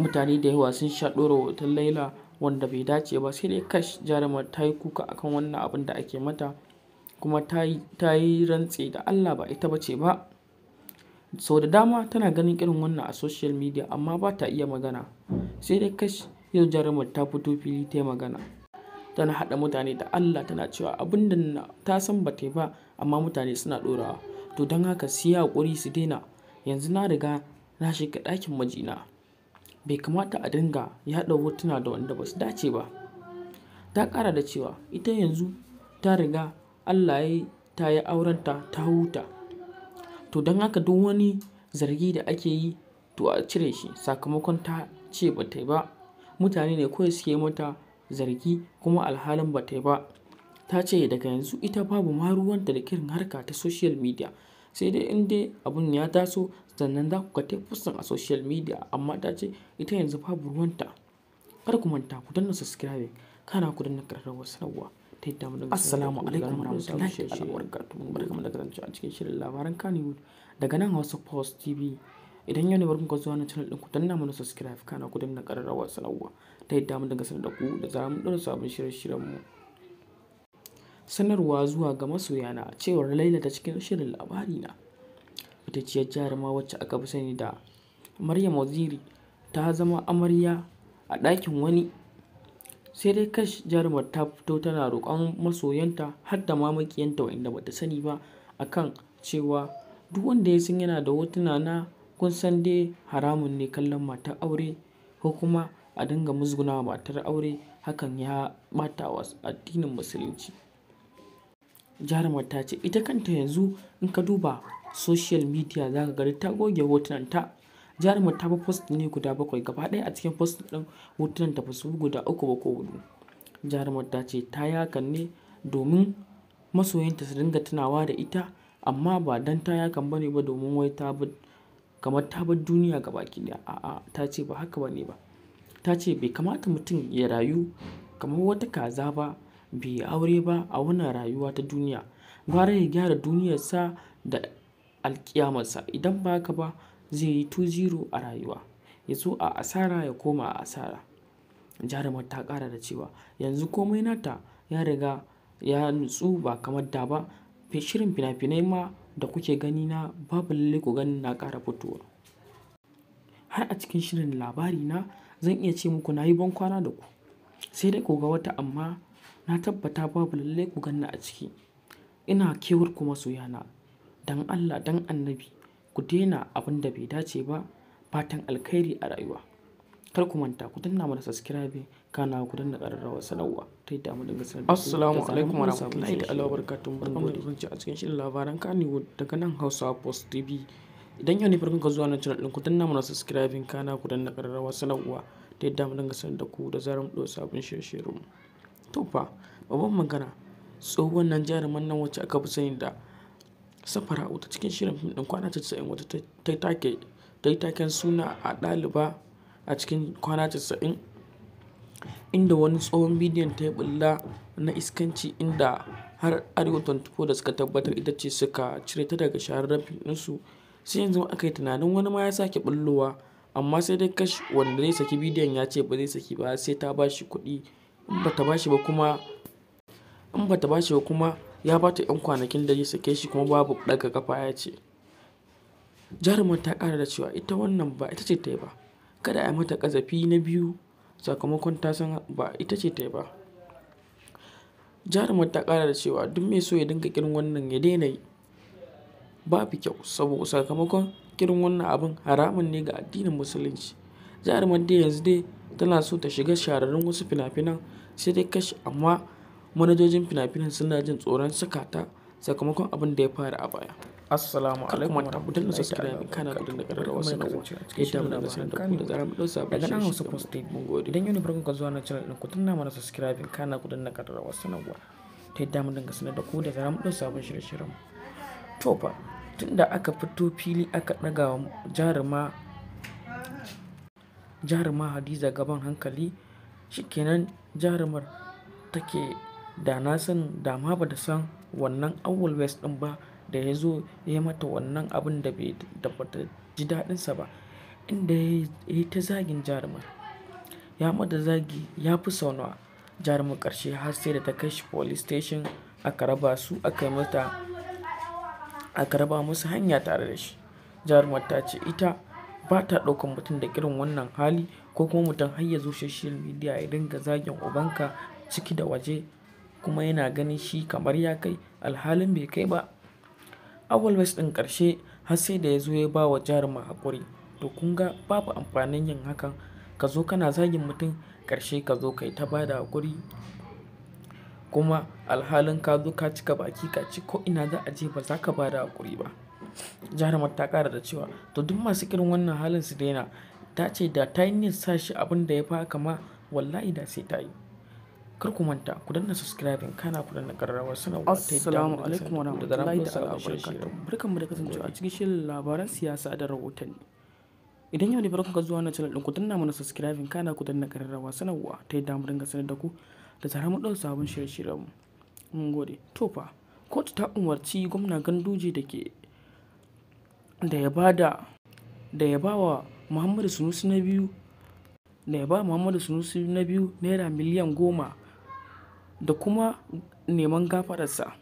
Mutane da yawa sun sha ɗora hoton Laila wanda bai dace ba sai dai kash jarumar ta yi kuka akan wannan abin da ake mata kuma ta yi, rantse da Allah ba ita ba ce ba. Sau da dama tana ganin irin wannan a social media amma ba ta iya magana. Sai dai kash yau jarumar ta fito fili ta yi magana. Tana haɗa mutane da Allah tana cewa abin da ta san ba ta yi ba amma mutane suna ɗorawa. To don haka su yi haƙuri su daina. Yanzu na riga na shiga ɗakin majina. Bai kamata a dinga yaɗa hotuna da wanda ba su dace ba. Ta ƙara da cewa ita yanzu ta riga Allah ya ta yi aurenta ta huta. To don haka duk wani zargi da ake yi to a cire shi. Sakamakon ta ce ba ta yi ba. Mutane ne kawai suke mata zargi kuma alhalin ba ta yi ba. ta ce daga yanzu ita babu ma ruwanta da kirin harka ta social media sai dai in dai abun ya taso sannan za ku ka ta fuskan a social media amma ta ce ita yanzu babu ruwanta kar ku manta ku danna subscribe kana ku danna karkarwar sanarwa ta yadda mu assalamu alaikum warahmatullahi wabarakatuh barkamu da kasance a cikin shirin labaran kanewood daga nan wasu Post TV idan yau ne barkun ka zuwa na channel din ku danna mana subscribe kana ku danna karkarwar sanarwa ta yadda mu dinga sanar da ku da za mu dora sabon shirye-shiryen mu sanarwa zuwa ga masoyana a cewar Laila ta cikin shirin labari na. Fitacciyar jaruma wacce aka fi sani da Maryam Waziri ta zama amarya a ɗakin wani. Sai dai kash jarumar ta fito tana roƙon masoyanta har da ma makiyanta ba bata sani ba a kan cewa duk wanda ya san yana da hotuna na kun san dai haramun ne kallon matar aure ko kuma a dinga musguna matar aure hakan ya ɓata wa addinin musulunci. jarumar ta ce ita kanta yanzu in ka duba social media za ka gari ta goge hotunan ta jarumar ta ba post ne guda bakwai gaba ɗaya a cikin post ɗin hotunan ta su guda uku ba ko hudu jarumar ta ce ta yakan ne domin masoyinta su dinga tunawa da ita amma ba dan ta yakan bane ba domin wai ta bi kamar ta bar duniya gaba ki a'a ta ce ba haka bane ba ta ce bai kamata mutum ya rayu kamar wata kaza ba bai yi aure ba a wannan rayuwa ta duniya. Gwara ya gyara duniyarsa da alƙiyamarsa. Idan ba haka ba zai yi two zero a rayuwa. Ya zo a asara ya koma a asara. Jarumar ta kara da cewa yanzu komai nata ya riga ya nutsu ba kamar da ba. Shirin fina-finai ma da kuke gani na babu lalle ku ganin na kara fitowa. Har a cikin shirin labari na zan iya ce muku na yi ban kwana da ku. Sai dai ku ga wata amma Na tabbata babu lalle ku ganni a ciki. Ina kewar ku masoyana. Don Allah, don annabi ku daina abin da bai dace ba. Fatan alkhairi a rayuwa. Kar ku manta ku danna mana subscribe kana ku danna ƙararrawar sanarwa ta yadda mu dinga sanarwa da ku. Assalamu alaikum warahmatullahi ta'ala wabarakatuh. Barkamu da kunci a cikin shirin labaran kani daga nan Hausa Post TV. Idan yau ne farkon ka zuwa nan channel din ku danna mana subscribe kana ku danna ƙararrawar sanarwa ta yadda mu dinga sanar da ku da zarar mu ɗora sabon shirye-shiryen mu. To fa, babban magana. tsohon nan jaruman nan wacce aka fi sani da safara wata cikin shirin fim din Kwana Casa'in wata ta yi taken suna a ɗaliba a cikin Kwana Casa'in, inda wani tsohon bidiyon ta yi bulla na iskanci inda har Arewa 24 da suka tabbatar ita ce suka cire ta daga shahararren fim su Sai yanzu aka yi tunanin wani ma ya sake bullowa amma sai dai kashi wanda zai saki bidiyon ya ce ba zai saki ba sai ta ba shi kuɗi. in bata bashi ba kuma ba kuma ya ba ta yan kwanakin da yi sake shi kuma babu daga kafa ya ce jaruman ta kara da cewa ita wannan ba ita ce ta yi ba kada a yi mata kazafi na biyu sakamakon ta san ba ita ce ta yi ba jarumar ta kara da cewa duk mai so ya dinga kirin wannan ya daina yi fi kyau saboda sakamakon kirin wannan abin haramun ne ga addinin musulunci jarumar dai yanzu dai tana so ta shiga shahararrun wasu fina-finan sai dai kashi amma manajojin fina-finan suna jin tsoron saka ta sakamakon abin da ya fara a baya. Assalamu alaikum wa rahmatullahi wa barakatuh. Kana da dinda karar wasu na uwa. Kai ta muna da sanin da kuma da zara mun dausa ba shi. Daga Hausa Post TV. Mun gode. Dan yau farkon ka zuwa na channel din ku tunna mana subscribe kana kudin dinda karar wasu na uwa. Ta yadda mun dinga sanar da ku da zara mun dausa ba shirye-shiryen. To fa tunda aka fito fili aka daga jaruma jaruma Hadiza gaban hankali shikenan jarumar take da na san dama ba da san wannan awul West ɗin ba da ya zo ya mata wannan abin da bai da ba ji daɗinsa ba inda ya yi ta zagin jarumar. Ya mata zagi ya fi saunawa jarumar ƙarshe har sai da ta kai shi police station aka raba su aka yi mata musu hanya tare da shi. Jarumar ta ce ita ba ta ɗaukan mutum da irin wannan hali ko kuma mutum har ya zo social media ya dinga zagin ubanka ciki da waje kuma yana ganin shi kamar ya kai alhalin bai kai ba. Awal West ɗin ƙarshe har sai da ya zo ya ba wa jarumin haƙuri. To kun ga babu amfanin yin hakan ka zo kana zagin mutum karshe ka zo kai ta ba da haƙuri kuma alhalin ka zo ka cika baki ka ci ko ina za a je ba za ka ba da haƙuri ba. jarumar ta kara da cewa to duk masu irin wannan halin su daina ta ce da ta yi sa shi abin da ya fa kama wallahi da sai ta yi kar ku manta ku danna subscribing kana ku danna karrawa wata ta yadda mu alaikum wa rahmatullahi ta'ala wa barakatuh barkan mu da kasancewa a cikin shirin labaran siyasa da rahotanni idan yau ne farkon ka zuwa na channel din ku danna mana subscribing kana ku danna karrawa sanarwa ta da mu dinga sanar da ku da zarar mu dauka sabon shirye-shiryen mu mun gode to fa kotu ta umarci gwamna ganduje da ke da ya bada da ya bawa Muhammadu Sunusi na biyu, na ba Muhammadu Sunusi na biyu naira miliyan goma da kuma neman gafararsa.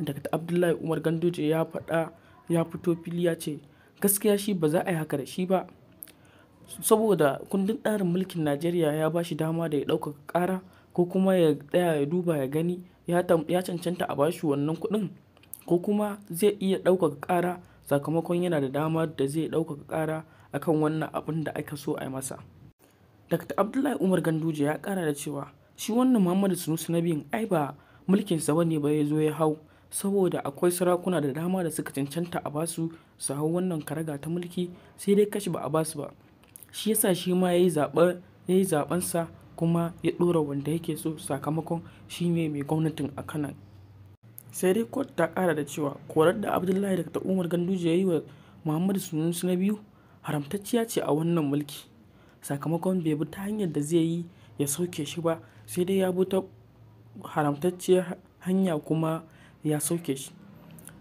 daga Abdullahi Umar Ganduje ya faɗa, ya fito fili ya ce gaskiya shi ba za a yi haka da shi ba. Saboda kundin tsarin mulkin Najeriya ya ba shi dama da ya ɗaukaka ƙara ko kuma ya tsaya ya duba ya gani ya cancanta a bashi wannan kuɗin ko kuma zai iya ɗaukaka ƙara sakamakon yana da dama da zai ɗaukaka ƙara akan wannan abin da aka so a yi masa dr abdullahi umar ganduje ya kara da cewa shi wannan muhammadu sunusu na biyun ai ba mulkin sa bane ba ya zo ya hau saboda akwai sarakuna da dama da suka cancanta a basu su hau wannan karaga ta mulki sai dai kashi ba a basu ba shi yasa shi ma ya yi zaɓensa kuma ya ɗora wanda yake so sakamakon shi ne mai gwamnatin a kanan sai dai kod ta kara da cewa korar da abdullahi da umar ganduje ya yi wa muhammadu sunusu na biyu haramtacciya ce a wannan mulki. Sakamakon bai bi ta hanyar da zai yi ya sauke shi ba sai dai ya bi ta haramtacciyar hanya kuma ya sauke shi.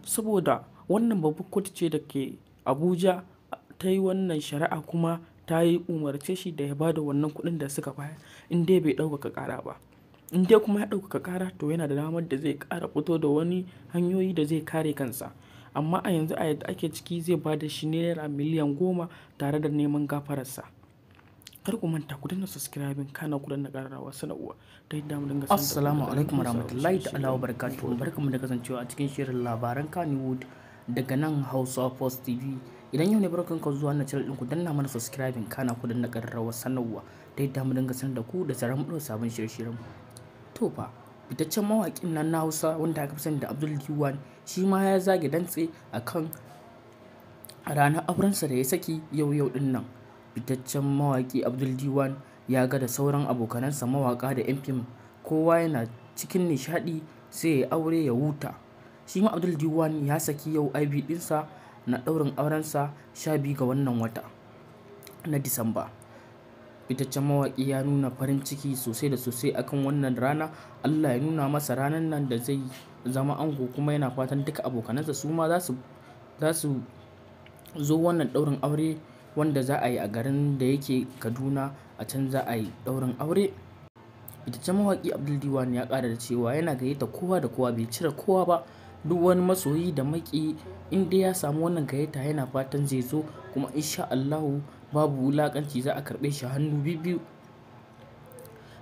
Saboda wannan babbar kotu ce da ke Abuja ta yi wannan shari'a kuma ta yi umarce shi da ya ba da wannan kuɗin da suka bayar in dai bai ɗaukaka ƙara ba. In dai kuma ya ɗaukaka ƙara to yana da damar da zai ƙara fito da wani hanyoyi da zai kare kansa. amma a yanzu a yadda ake ciki zai ba da shi naira miliyan goma tare da neman gafararsa. Kar ku manta ku danna subscribing kana ku danna ƙararrawa sanarwa ta yadda mu dinga sanar. Assalamu alaikum warahmatullahi ta'ala wabarakatuh barkamu da kasancewa a cikin shirin labaran Kannywood daga nan Hausa Post TV. Idan yau ne barkan ka zuwa na channel ɗin ku danna mana subscribing kana ku danna ƙararrawa sanarwa ta yadda mu dinga sanar da ku da zaran mu sabon shirye-shiryen. To fa Fitaccen mawaƙin nan na Hausa wanda aka sani da Abdul diwan shi ma ya zage dantse a kan ranar aurensa da ya saki yau yau din nan. Fitaccen mawaƙi Abdul diwan ya ga da sauran abokanansa mawaƙa da yan fim kowa yana cikin nishaɗi sai ya aure ya huta. Shi ma Abdul diwan ya saki yau IV dinsa na ɗaurin aurensa sha biyu ga wannan wata na Disamba. fitaccen mawaƙi ya nuna farin ciki sosai da sosai akan wannan rana. Allah ya nuna masa ranar nan da zai zama ango kuma yana fatan duka abokanansa su ma za su, zo wannan daurin aure wanda za a yi a garin da yake Kaduna. A can za a yi ɗaurin aure. Fitaccen mawaƙi Abdul Diwan ya ƙara da cewa yana gayyata kowa da kowa bai cire kowa ba. Duk wani masoyi da maki in dai ya samu wannan gayyata yana fatan zai zo kuma insha Allahu babu wulakanci za a karɓe shi hannu biyu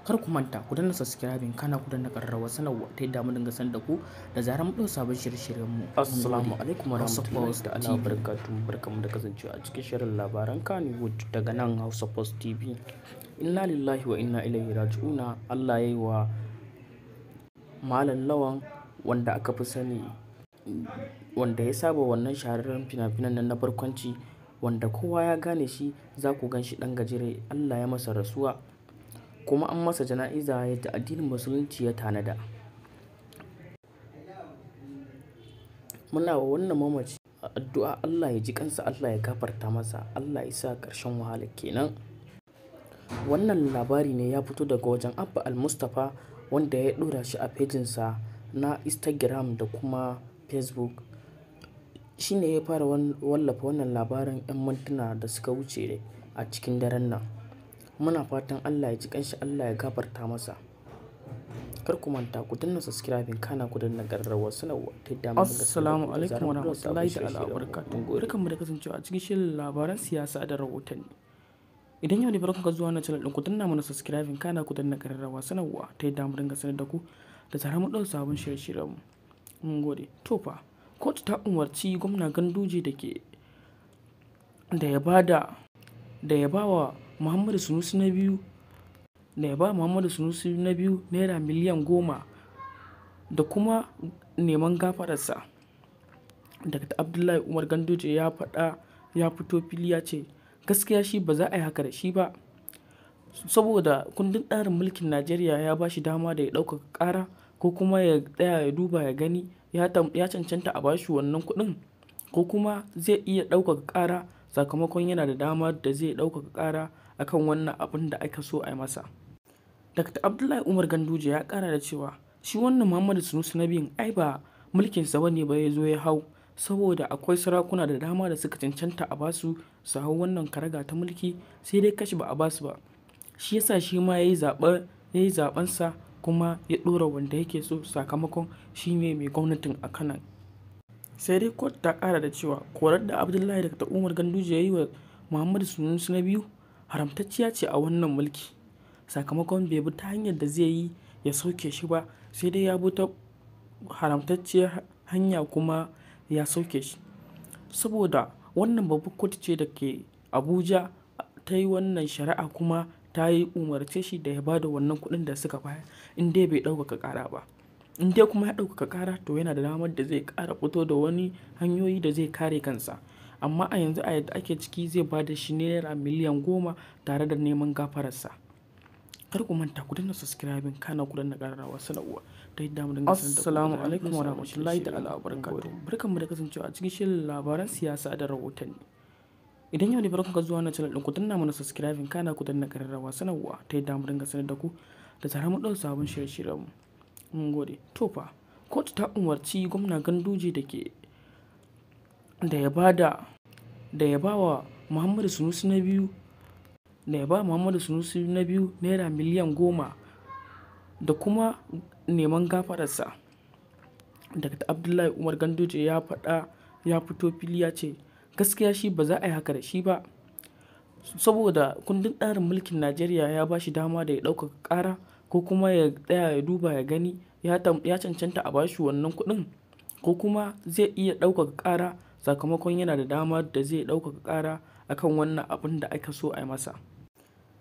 kar ku manta ku danna subscribing kana ku danna karrawa sanarwa ta yadda mu dinga san da ku da zarar mu dau sabon shirye-shiryen mu assalamu alaikum warahmatullahi da ala barkatu barkamu da kasancewa a cikin shirin labaran kaniwood daga nan hausa post tv inna lillahi wa inna ilaihi raji'una allah ya yi wa malam lawan wanda aka fi sani wanda ya saba wannan shahararren fina-finan nan na barkwanci wanda kowa ya gane shi za ku gan shi ɗan gajere Allah ya masa rasuwa kuma an masa jana'iza yadda addinin musulunci ya tanada. Muna wa wannan mamaci addu'a Allah ya ji kansa, Allah ya gafarta masa, Allah ya sa ƙarshen wahala kenan. Wannan labari ne ya fito daga wajen Abba Al-Mustapha wanda ya ɗora shi a fejinsa na Instagram da kuma Facebook. Shi ne ya fara wallafa wannan labarin 'yan mintuna da suka wuce a cikin daren nan. Muna fatan Allah ya ji kanshi Allah ya gafarta masa. Kar ku manta ku danna subscribing kana ku danna garrawa suna ta da mu Assalamu alaikum wa rahmatullahi barakatuh ku barakatuhu. mu da kasancewa a cikin shirin labaran siyasa da rahotanni. Idan yau ne farkon ka zuwa na channel din ku danna mana subscribing kana ku danna garrawa suna ta da mu dinga sanar da ku da zarar mu ɗaura sabon shirye-shiryenmu. Mun gode. To fa. kotu ta umarci gwamna ganduje da ke da ya bada da ya ba wa muhammadu sunusi na biyu da ya ba muhammadu sunusi na biyu naira miliyan goma da kuma neman gafararsa daga abdullahi umar ganduje ya faɗa ya fito fili ya ce gaskiya shi ba za a yi haka da shi ba saboda kundin tsarin mulkin najeriya ya ba shi dama da ya ɗaukaka ƙara ko kuma ya tsaya ya duba ya gani ya cancanta a bashi wannan kuɗin ko kuma zai iya ɗaukaka ƙara sakamakon yana da dama da zai ɗaukaka ƙara akan wannan abin da aka so a yi masa. Dr. Abdullahi Umar Ganduje ya ƙara da cewa shi wannan Muhammadu sunusu na biyun ai ba mulkinsa bane ba ya zo ya hau saboda akwai sarakuna da dama da suka cancanta a basu su hau wannan karaga ta mulki sai dai kashi ba a basu ba shi yasa shi ma ya yi sa. kuma ya ɗora wanda yake so sakamakon shi ne mai gwamnatin a kanan. Sai dai kot ta kara da cewa korar da Abdullahi Dr. Umar Ganduje ya yi wa Muhammadu sunansu na biyu haramtacciya ce a wannan mulki sakamakon bai bi ta hanyar da zai yi ya sauke shi ba sai dai ya bi ta haramtacciyar hanya kuma ya sauke shi saboda wannan babbar kotu ce da ke abuja ta yi wannan shari'a kuma ta yi umarce shi da ya ba da wannan kuɗin da suka bayar in dai bai ɗaukaka ƙara ba. In dai kuma ya ɗaukaka ƙara to yana da damar da zai ƙara fito da wani hanyoyi da zai kare kansa. Amma a yanzu a yadda ake ciki zai ba da shi naira miliyan goma tare da neman gafararsa. Kar ku manta ku danna subscribe kana ku danna ƙararrawa sanarwa ta yadda mu dinga sanar da Assalamu alaikum warahmatullahi ta'ala barkan Barkanmu da kasancewa a cikin shirin labaran siyasa da rahotanni. Idan yau ne farkon ka zuwa na channel ɗin ku danna mana subscribing kana ku danna ƙararrawa sanarwa ta yadda mu dinga sanar da ku da zarar mu ɗaura sabon shirye-shiryen mu. Mun gode. To fa kotu ta umarci gwamna Ganduje da ke da ya bada da ya ba wa Muhammadu Sunusi na biyu da ya ba Muhammadu Sunusi na biyu naira miliyan goma da kuma neman gafararsa. Daga Abdullahi Umar Ganduje ya faɗa ya fito fili ya ce gaskiya shi ba za a yi haka da shi ba saboda kundin tsarin mulkin najeriya ya ba shi dama da ya ɗaukaka kara ko kuma ya tsaya ya duba ya gani ya cancanta a bashi wannan kuɗin ko kuma zai iya ɗaukaka kara sakamakon yana da dama da zai ɗaukaka ƙara akan wannan abin da aka so a yi masa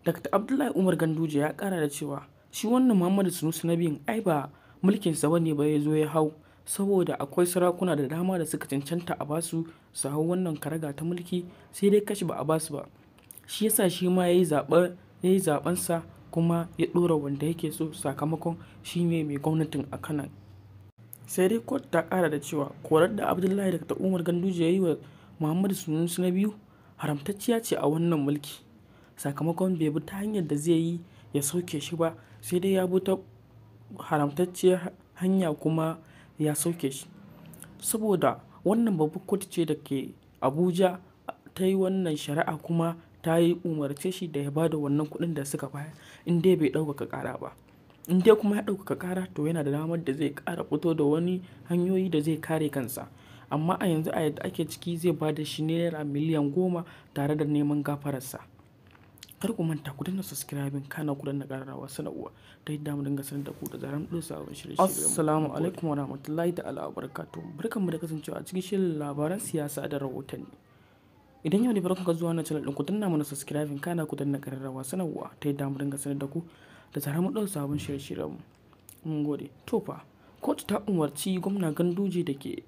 dr abdullahi umar ganduje ya kara da cewa shi wannan muhammadu sunusu na biyun ai ba mulkinsa ne ba ya zo ya hau saboda akwai sarakuna da dama da suka cancanta a basu su hau wannan karaga ta mulki sai dai kashi ba a basu ba. Shi yasa shi ma ya yi yayi zaɓensa kuma ya ɗora wanda yake so sakamakon shi ne mai gwamnatin a kanan. Sai dai kotu ta kara da cewa korar da Abdullahi Dr. Umar Ganduje ya yi wa Muhammadu Sunusi na biyu haramtacciya ce a wannan mulki. Sakamakon bai bi ta hanyar da zai yi ya sauke shi ba sai dai ya bi ta haramtacciyar hanya kuma ya sauke shi. Saboda wannan babbar kotu ce da ke Abuja ta yi wannan shari'a kuma ta yi umarce shi da ya ba da wannan kuɗin da suka bayar in dai bai ɗaukaka ƙara ba. In dai kuma ya ɗaukaka ƙara to yana da damar da zai kara fito da wani hanyoyi da zai kare kansa. Amma a yanzu a yadda ake ciki zai ba da shi naira miliyan goma tare da neman gafararsa. Kar ku manta ku danna subscribe kana ku danna ƙararrawa sanarwa ta yadda mu dinga sanar da ku da zaran mun sabon shirye shirye. Assalamu alaikum ala barakatuh barkan mu da kasancewa a cikin shirin labaran siyasa da rahotanni. Idan yau ne farkon ka zuwa na channel din ku danna mana subscribe kana ku danna ƙararrawa sanarwa ta yadda mu dinga sanar da ku da mu mun sabon shirye shirye mu. Mun gode. To fa kotu ta umarci gwamna Ganduje da ke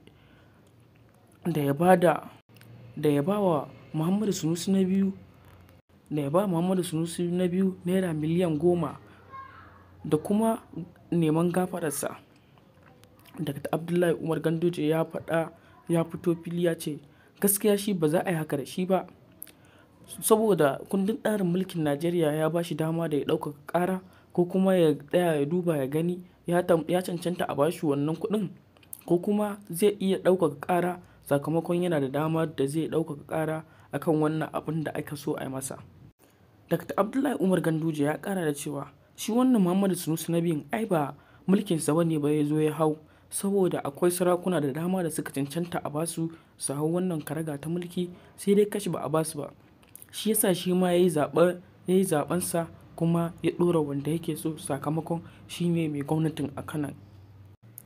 da ya bada da ya bawa Muhammadu Sunusi na biyu da ya ba Muhammadu Sunusi na biyu naira miliyan goma da kuma neman gafararsa. ta Abdullahi Umar Ganduje ya faɗa ya fito fili ya ce gaskiya shi ba za a yi haka da shi ba saboda kundin tsarin mulkin Najeriya ya ba shi dama da ya ɗaukaka ƙara ko kuma ya tsaya ya duba ya gani ya cancanta a bashi wannan kuɗin ko kuma zai iya ɗaukaka ƙara sakamakon yana da dama da zai ɗaukaka ƙara akan wannan abin da aka so a yi masa. Dr. Abdullahi Umar Ganduje ya kara da cewa shi wannan Muhammadu Sunusi na biyun ai ba mulkin mulkinsa bane ba ya zo ya hau saboda akwai sarakuna da dama da suka cancanta a basu su hau wannan karaga ta mulki sai dai kashi ba a basu ba shi yasa shi ma ya yi zaɓensa kuma ya ɗora wanda yake so sakamakon shi ne mai gwamnatin a kanan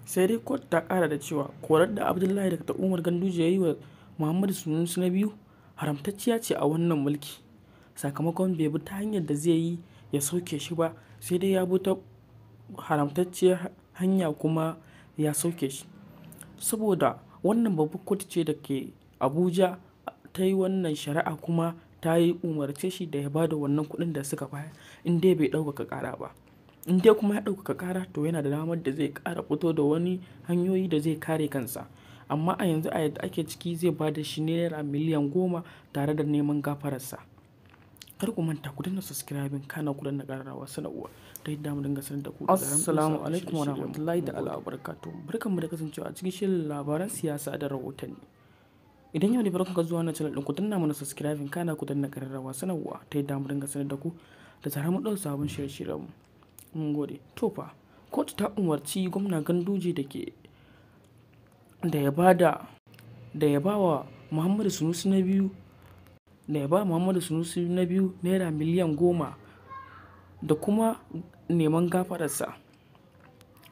sai dai kot ta kara da cewa korar da abdullahi Dr. umar ganduje ya yi wa muhammadu sunusu na biyu haramtacciya ce a wannan mulki Sakamakon bai bi ta hanyar da zai yi ya sauke shi ba sai dai ya bi ta haramtacciyar hanya kuma ya sauke shi. Saboda wannan babbar kotu ce da ke Abuja ta yi wannan shari'a kuma ta yi umarce shi da ya ba da wannan kuɗin da suka baya in dai bai ɗaukaka ƙara ba. In dai kuma ya ɗaukaka ƙara to yana da damar da zai ƙara fito da wani hanyoyi da zai kare kansa. Amma a yanzu a yadda ake ciki zai ba da shi naira miliyan goma tare da neman gafararsa. kar ku manta ku danna subscribing kana ku danna ƙararrawa sanarwa ta yadda mu dinga sanar da ku assalamu alaikum wa rahmatullahi da ala barakatu barkanmu da kasancewa a cikin shirin labaran siyasa da rahotanni idan yau ne barkan ka zuwa na channel din ku danna mana subscribing kana ku danna ƙararrawa sanarwa ta yadda mu dinga sanar da ku da tare mu ɗau sabon shirye-shiryen mun gode to fa kotu ta umarci gwamna ganduje da ke da ya bada da ya bawa muhammadu sunusu na biyu ya ba Muhammadu Sunusi na biyu naira miliyan goma da kuma neman gafararsa.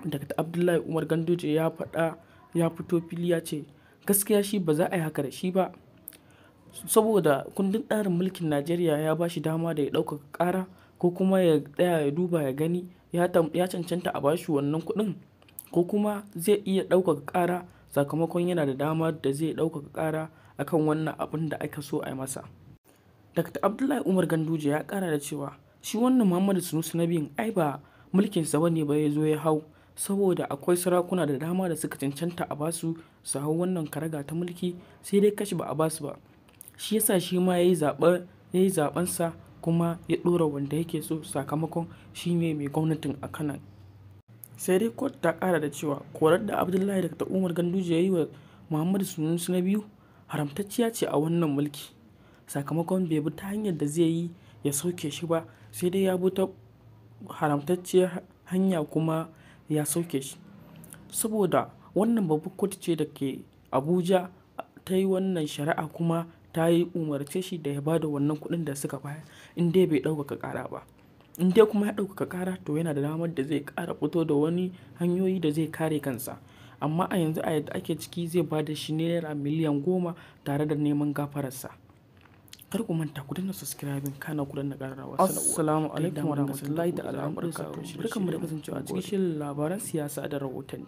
ta Abdullahi Umar Ganduje ya faɗa, ya fito fili ya ce gaskiya shi ba za a yi haka da shi ba saboda kundin tsarin mulkin Najeriya ya ba shi dama da ya ɗaukaka ƙara ko kuma ya tsaya ya duba ya gani ya cancanta a bashi wannan kuɗin ko kuma zai iya ɗaukaka ƙara sakamakon yana da dama da zai ɗaukaka ƙara akan wannan abin da aka so a yi masa. Dr. Abdullahi Umar Ganduje ya kara da cewa shi wannan Muhammadu Sunusi na biyun ai ba mulkinsa sa ne ba ya zo ya hau saboda akwai sarakuna da dama da suka cancanta a basu su hau wannan karaga ta mulki sai dai kashi ba a basu ba shi yasa shi ma ya yi sa kuma ya ɗora wanda yake so sakamakon shi ne mai gwamnatin a kanan sai dai kot ta ƙara da cewa korar da abdullahi da umar ganduje ya yi wa muhammadu sunusu na biyu haramtacciya ce a wannan mulki Sakamakon bai bi ta hanyar da zai yi ya sauke shi ba sai dai ya bi ta haramtacciyar hanya kuma ya sauke shi. Saboda wannan babbar kotu ce da ke Abuja ta yi wannan shari'a kuma ta yi umarce shi da ya bada wannan kuɗin da suka bayar in dai bai ɗaukaka ƙara ba. In dai kuma ya ɗaukaka ƙara to yana da damar da zai ƙara fito da wani hanyoyi da zai kare kansa. Amma a yanzu a yadda ake ciki zai ba da shi naira miliyan goma tare da neman gafararsa. kar ku manta ku danna subscribing kana ku danna kararrawa assalamu alaikum wa rahmatullahi da albarakatuh barkatu mu da kasancewa a cikin shirin labaran siyasa da rahotanni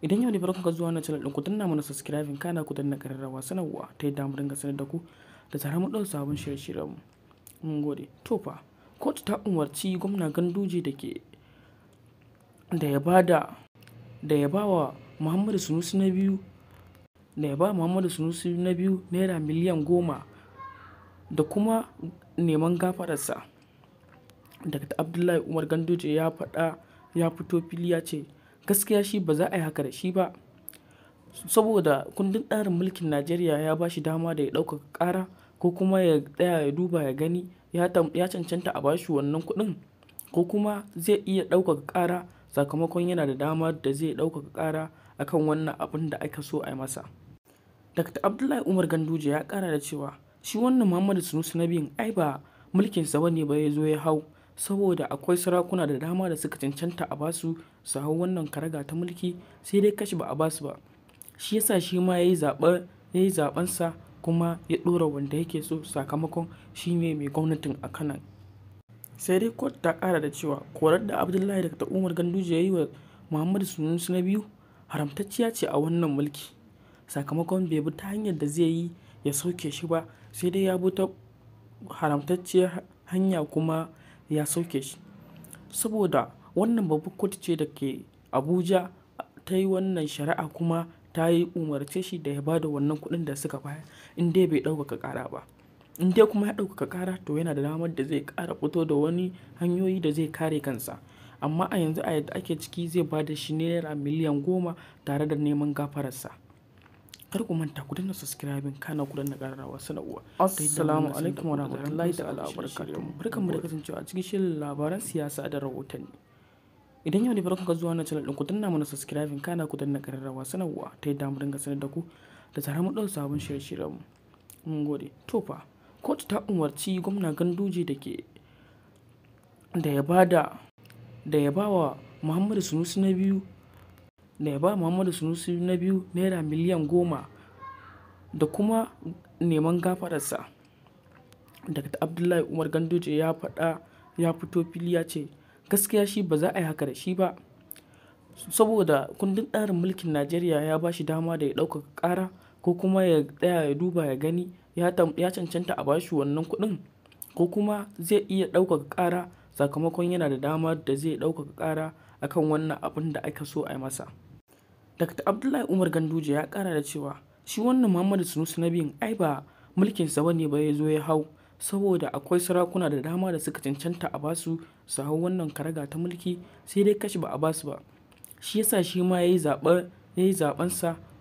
idan yau ne farkon ka zuwa na channel din ku danna mana subscribing kana ku danna kararrawa sanarwa ta yadda mu dinga sanar da ku da tsara mu ɗau sabon shirye-shiryen mu mun gode to fa kotu ta umarci gwamna ganduje da ke da ya bada da ya ba wa muhammadu sunusi na biyu da ya ba muhammadu sunusi na biyu naira miliyan goma da kuma neman gafararsa. Dr. Abdullahi Umar Ganduje ya faɗa, ya fito fili ya ce gaskiya shi ba za a yi haka da shi ba. Saboda kundin tsarin mulkin Najeriya ya ba shi dama da ya ɗaukaka ƙara ko kuma ya tsaya ya duba ya gani ya cancanta a bashi wannan kuɗin ko kuma zai iya ɗaukaka kara sakamakon yana da dama da zai ɗaukaka ƙara akan wannan abin da aka so a yi masa. Dr. Abdullahi Umar Ganduje ya kara da cewa Shi wannan Muhammadu Sunusi na biyun ai ba mulkin mulkinsa bane ba ya zo ya hau saboda akwai sarakuna da dama da suka cancanta a basu su hau wannan karaga ta mulki sai dai kashi ba a basu ba. Shi yasa shi ma yayi zaɓa yayi kuma ya ɗora wanda yake so sakamakon shi ne mai gwamnatin a kanan. Sai dai kotu ta ƙara da cewa korar da Abdullahi Dakta Umar Ganduje ya yi wa Muhammadu Sunusi na biyu haramtacciya ce a wannan mulki. Sakamakon bai bi ta hanyar da zai yi ya sauke shi ba sai dai ya bi ta haramtacciyar hanya kuma ya sauke shi saboda wannan babbar kotu ce da ke abuja ta yi wannan shari'a kuma ta yi umarce shi da ya ba da wannan kuɗin da suka baya in dai bai ɗaukaka kara ba in dai kuma ya ɗaukaka kara to yana da damar da zai kara fito da wani hanyoyi da zai kare kansa amma a yanzu a yadda ake ciki zai ba da shi naira miliyan goma tare da neman gafararsa kar ku manta ku danna subscribe kana ku danna kararrawa sanarwa assalamu alaikum warahmatullahi ta'ala wabarakatuh barkan mu da kasancewa a cikin shirin labaran siyasa da rahotanni idan yau ne farkon ka zuwa na channel din ku danna mana subscribe kana ku danna sana sanarwa ta yadda mu dinga sanar da ku da tare mu dauka sabon shirye-shiryen mu mun gode to fa kotu ta umarci gwamna ganduje da ke da ya bada da ya bawa muhammadu sunusi na biyu da ya ba Muhammadu Sunusi na biyu naira miliyan goma da kuma neman gafararsa. daga Abdullahi Umar Ganduje ya faɗa ya fito fili ya ce gaskiya shi ba za a yi haka da shi ba saboda kundin tsarin mulkin Najeriya ya ba shi dama da ya dauka kara ko kuma ya tsaya ya duba ya gani ya cancanta a bashi wannan kuɗin ko kuma zai iya ɗaukaka ƙara sakamakon yana da dama da zai ɗaukaka kara akan wannan abin da aka so a yi masa. Dr. Abdullahi Umar Ganduje ya kara da cewa shi wannan Muhammadu Sunusi na biyun ai ba mulkinsa ne ba ya zo ya hau saboda akwai sarakuna da dama da suka cancanta a basu su hau wannan karaga ta mulki sai dai kashi ba a basu ba shi yasa shi ma ya yi zaben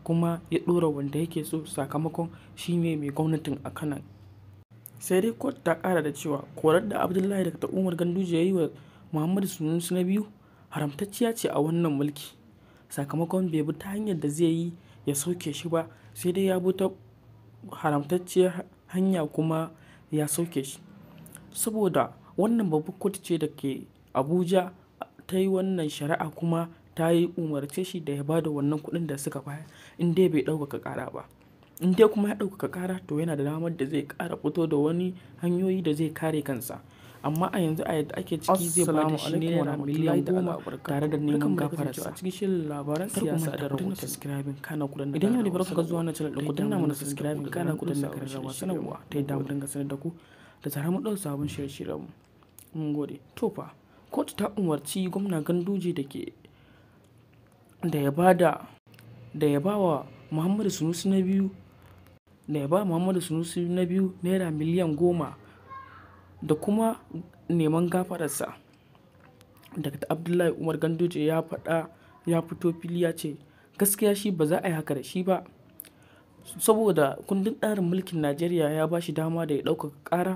kuma ya ɗora wanda yake so sakamakon shi ne mai gwamnatin a kanan sai dai kot ta kara da cewa korar da abdullahi Dr. umar ganduje ya yi wa muhammadu sunusi na biyu haramtacciya ce a wannan mulki Sakamakon bai bi ta hanyar da zai yi ya sauke shi ba sai dai ya bi ta haramtacciyar hanya kuma ya sauke shi. Saboda wannan babbar kotu ce da ke Abuja ta yi wannan shari'a kuma ta yi umarce shi da ya ba da wannan kuɗin da suka baya in dai bai ɗaukaka ƙara ba. In dai kuma ya ɗaukaka ƙara to yana da damar da zai ƙara fito da wani hanyoyi da zai kare kansa. amma a yanzu a yadda ake ciki zai ba da shi naira miliyan goma tare da neman gafararsa a cikin shirin labaran siyasa da rahoton subscribing kana idan yau ne barka zuwa na channel din ku danna mana subscribing kana kudin da karrawa sanarwa ta yadda mu dinga sanar da ku da tare mu ɗauka sabon shirye-shiryen mu mun kotu ta umarci gwamna ganduje da ke da ya bada da ba muhammadu sunusi na biyu naira miliyan goma da kuma neman gafararsa. Dr. Abdullahi Umar gandoje ya faɗa, ya fito fili ya ce gaskiya shi ba za a yi haka da shi ba saboda kundin tsarin mulkin Najeriya ya ba shi dama da ya ɗaukaka ƙara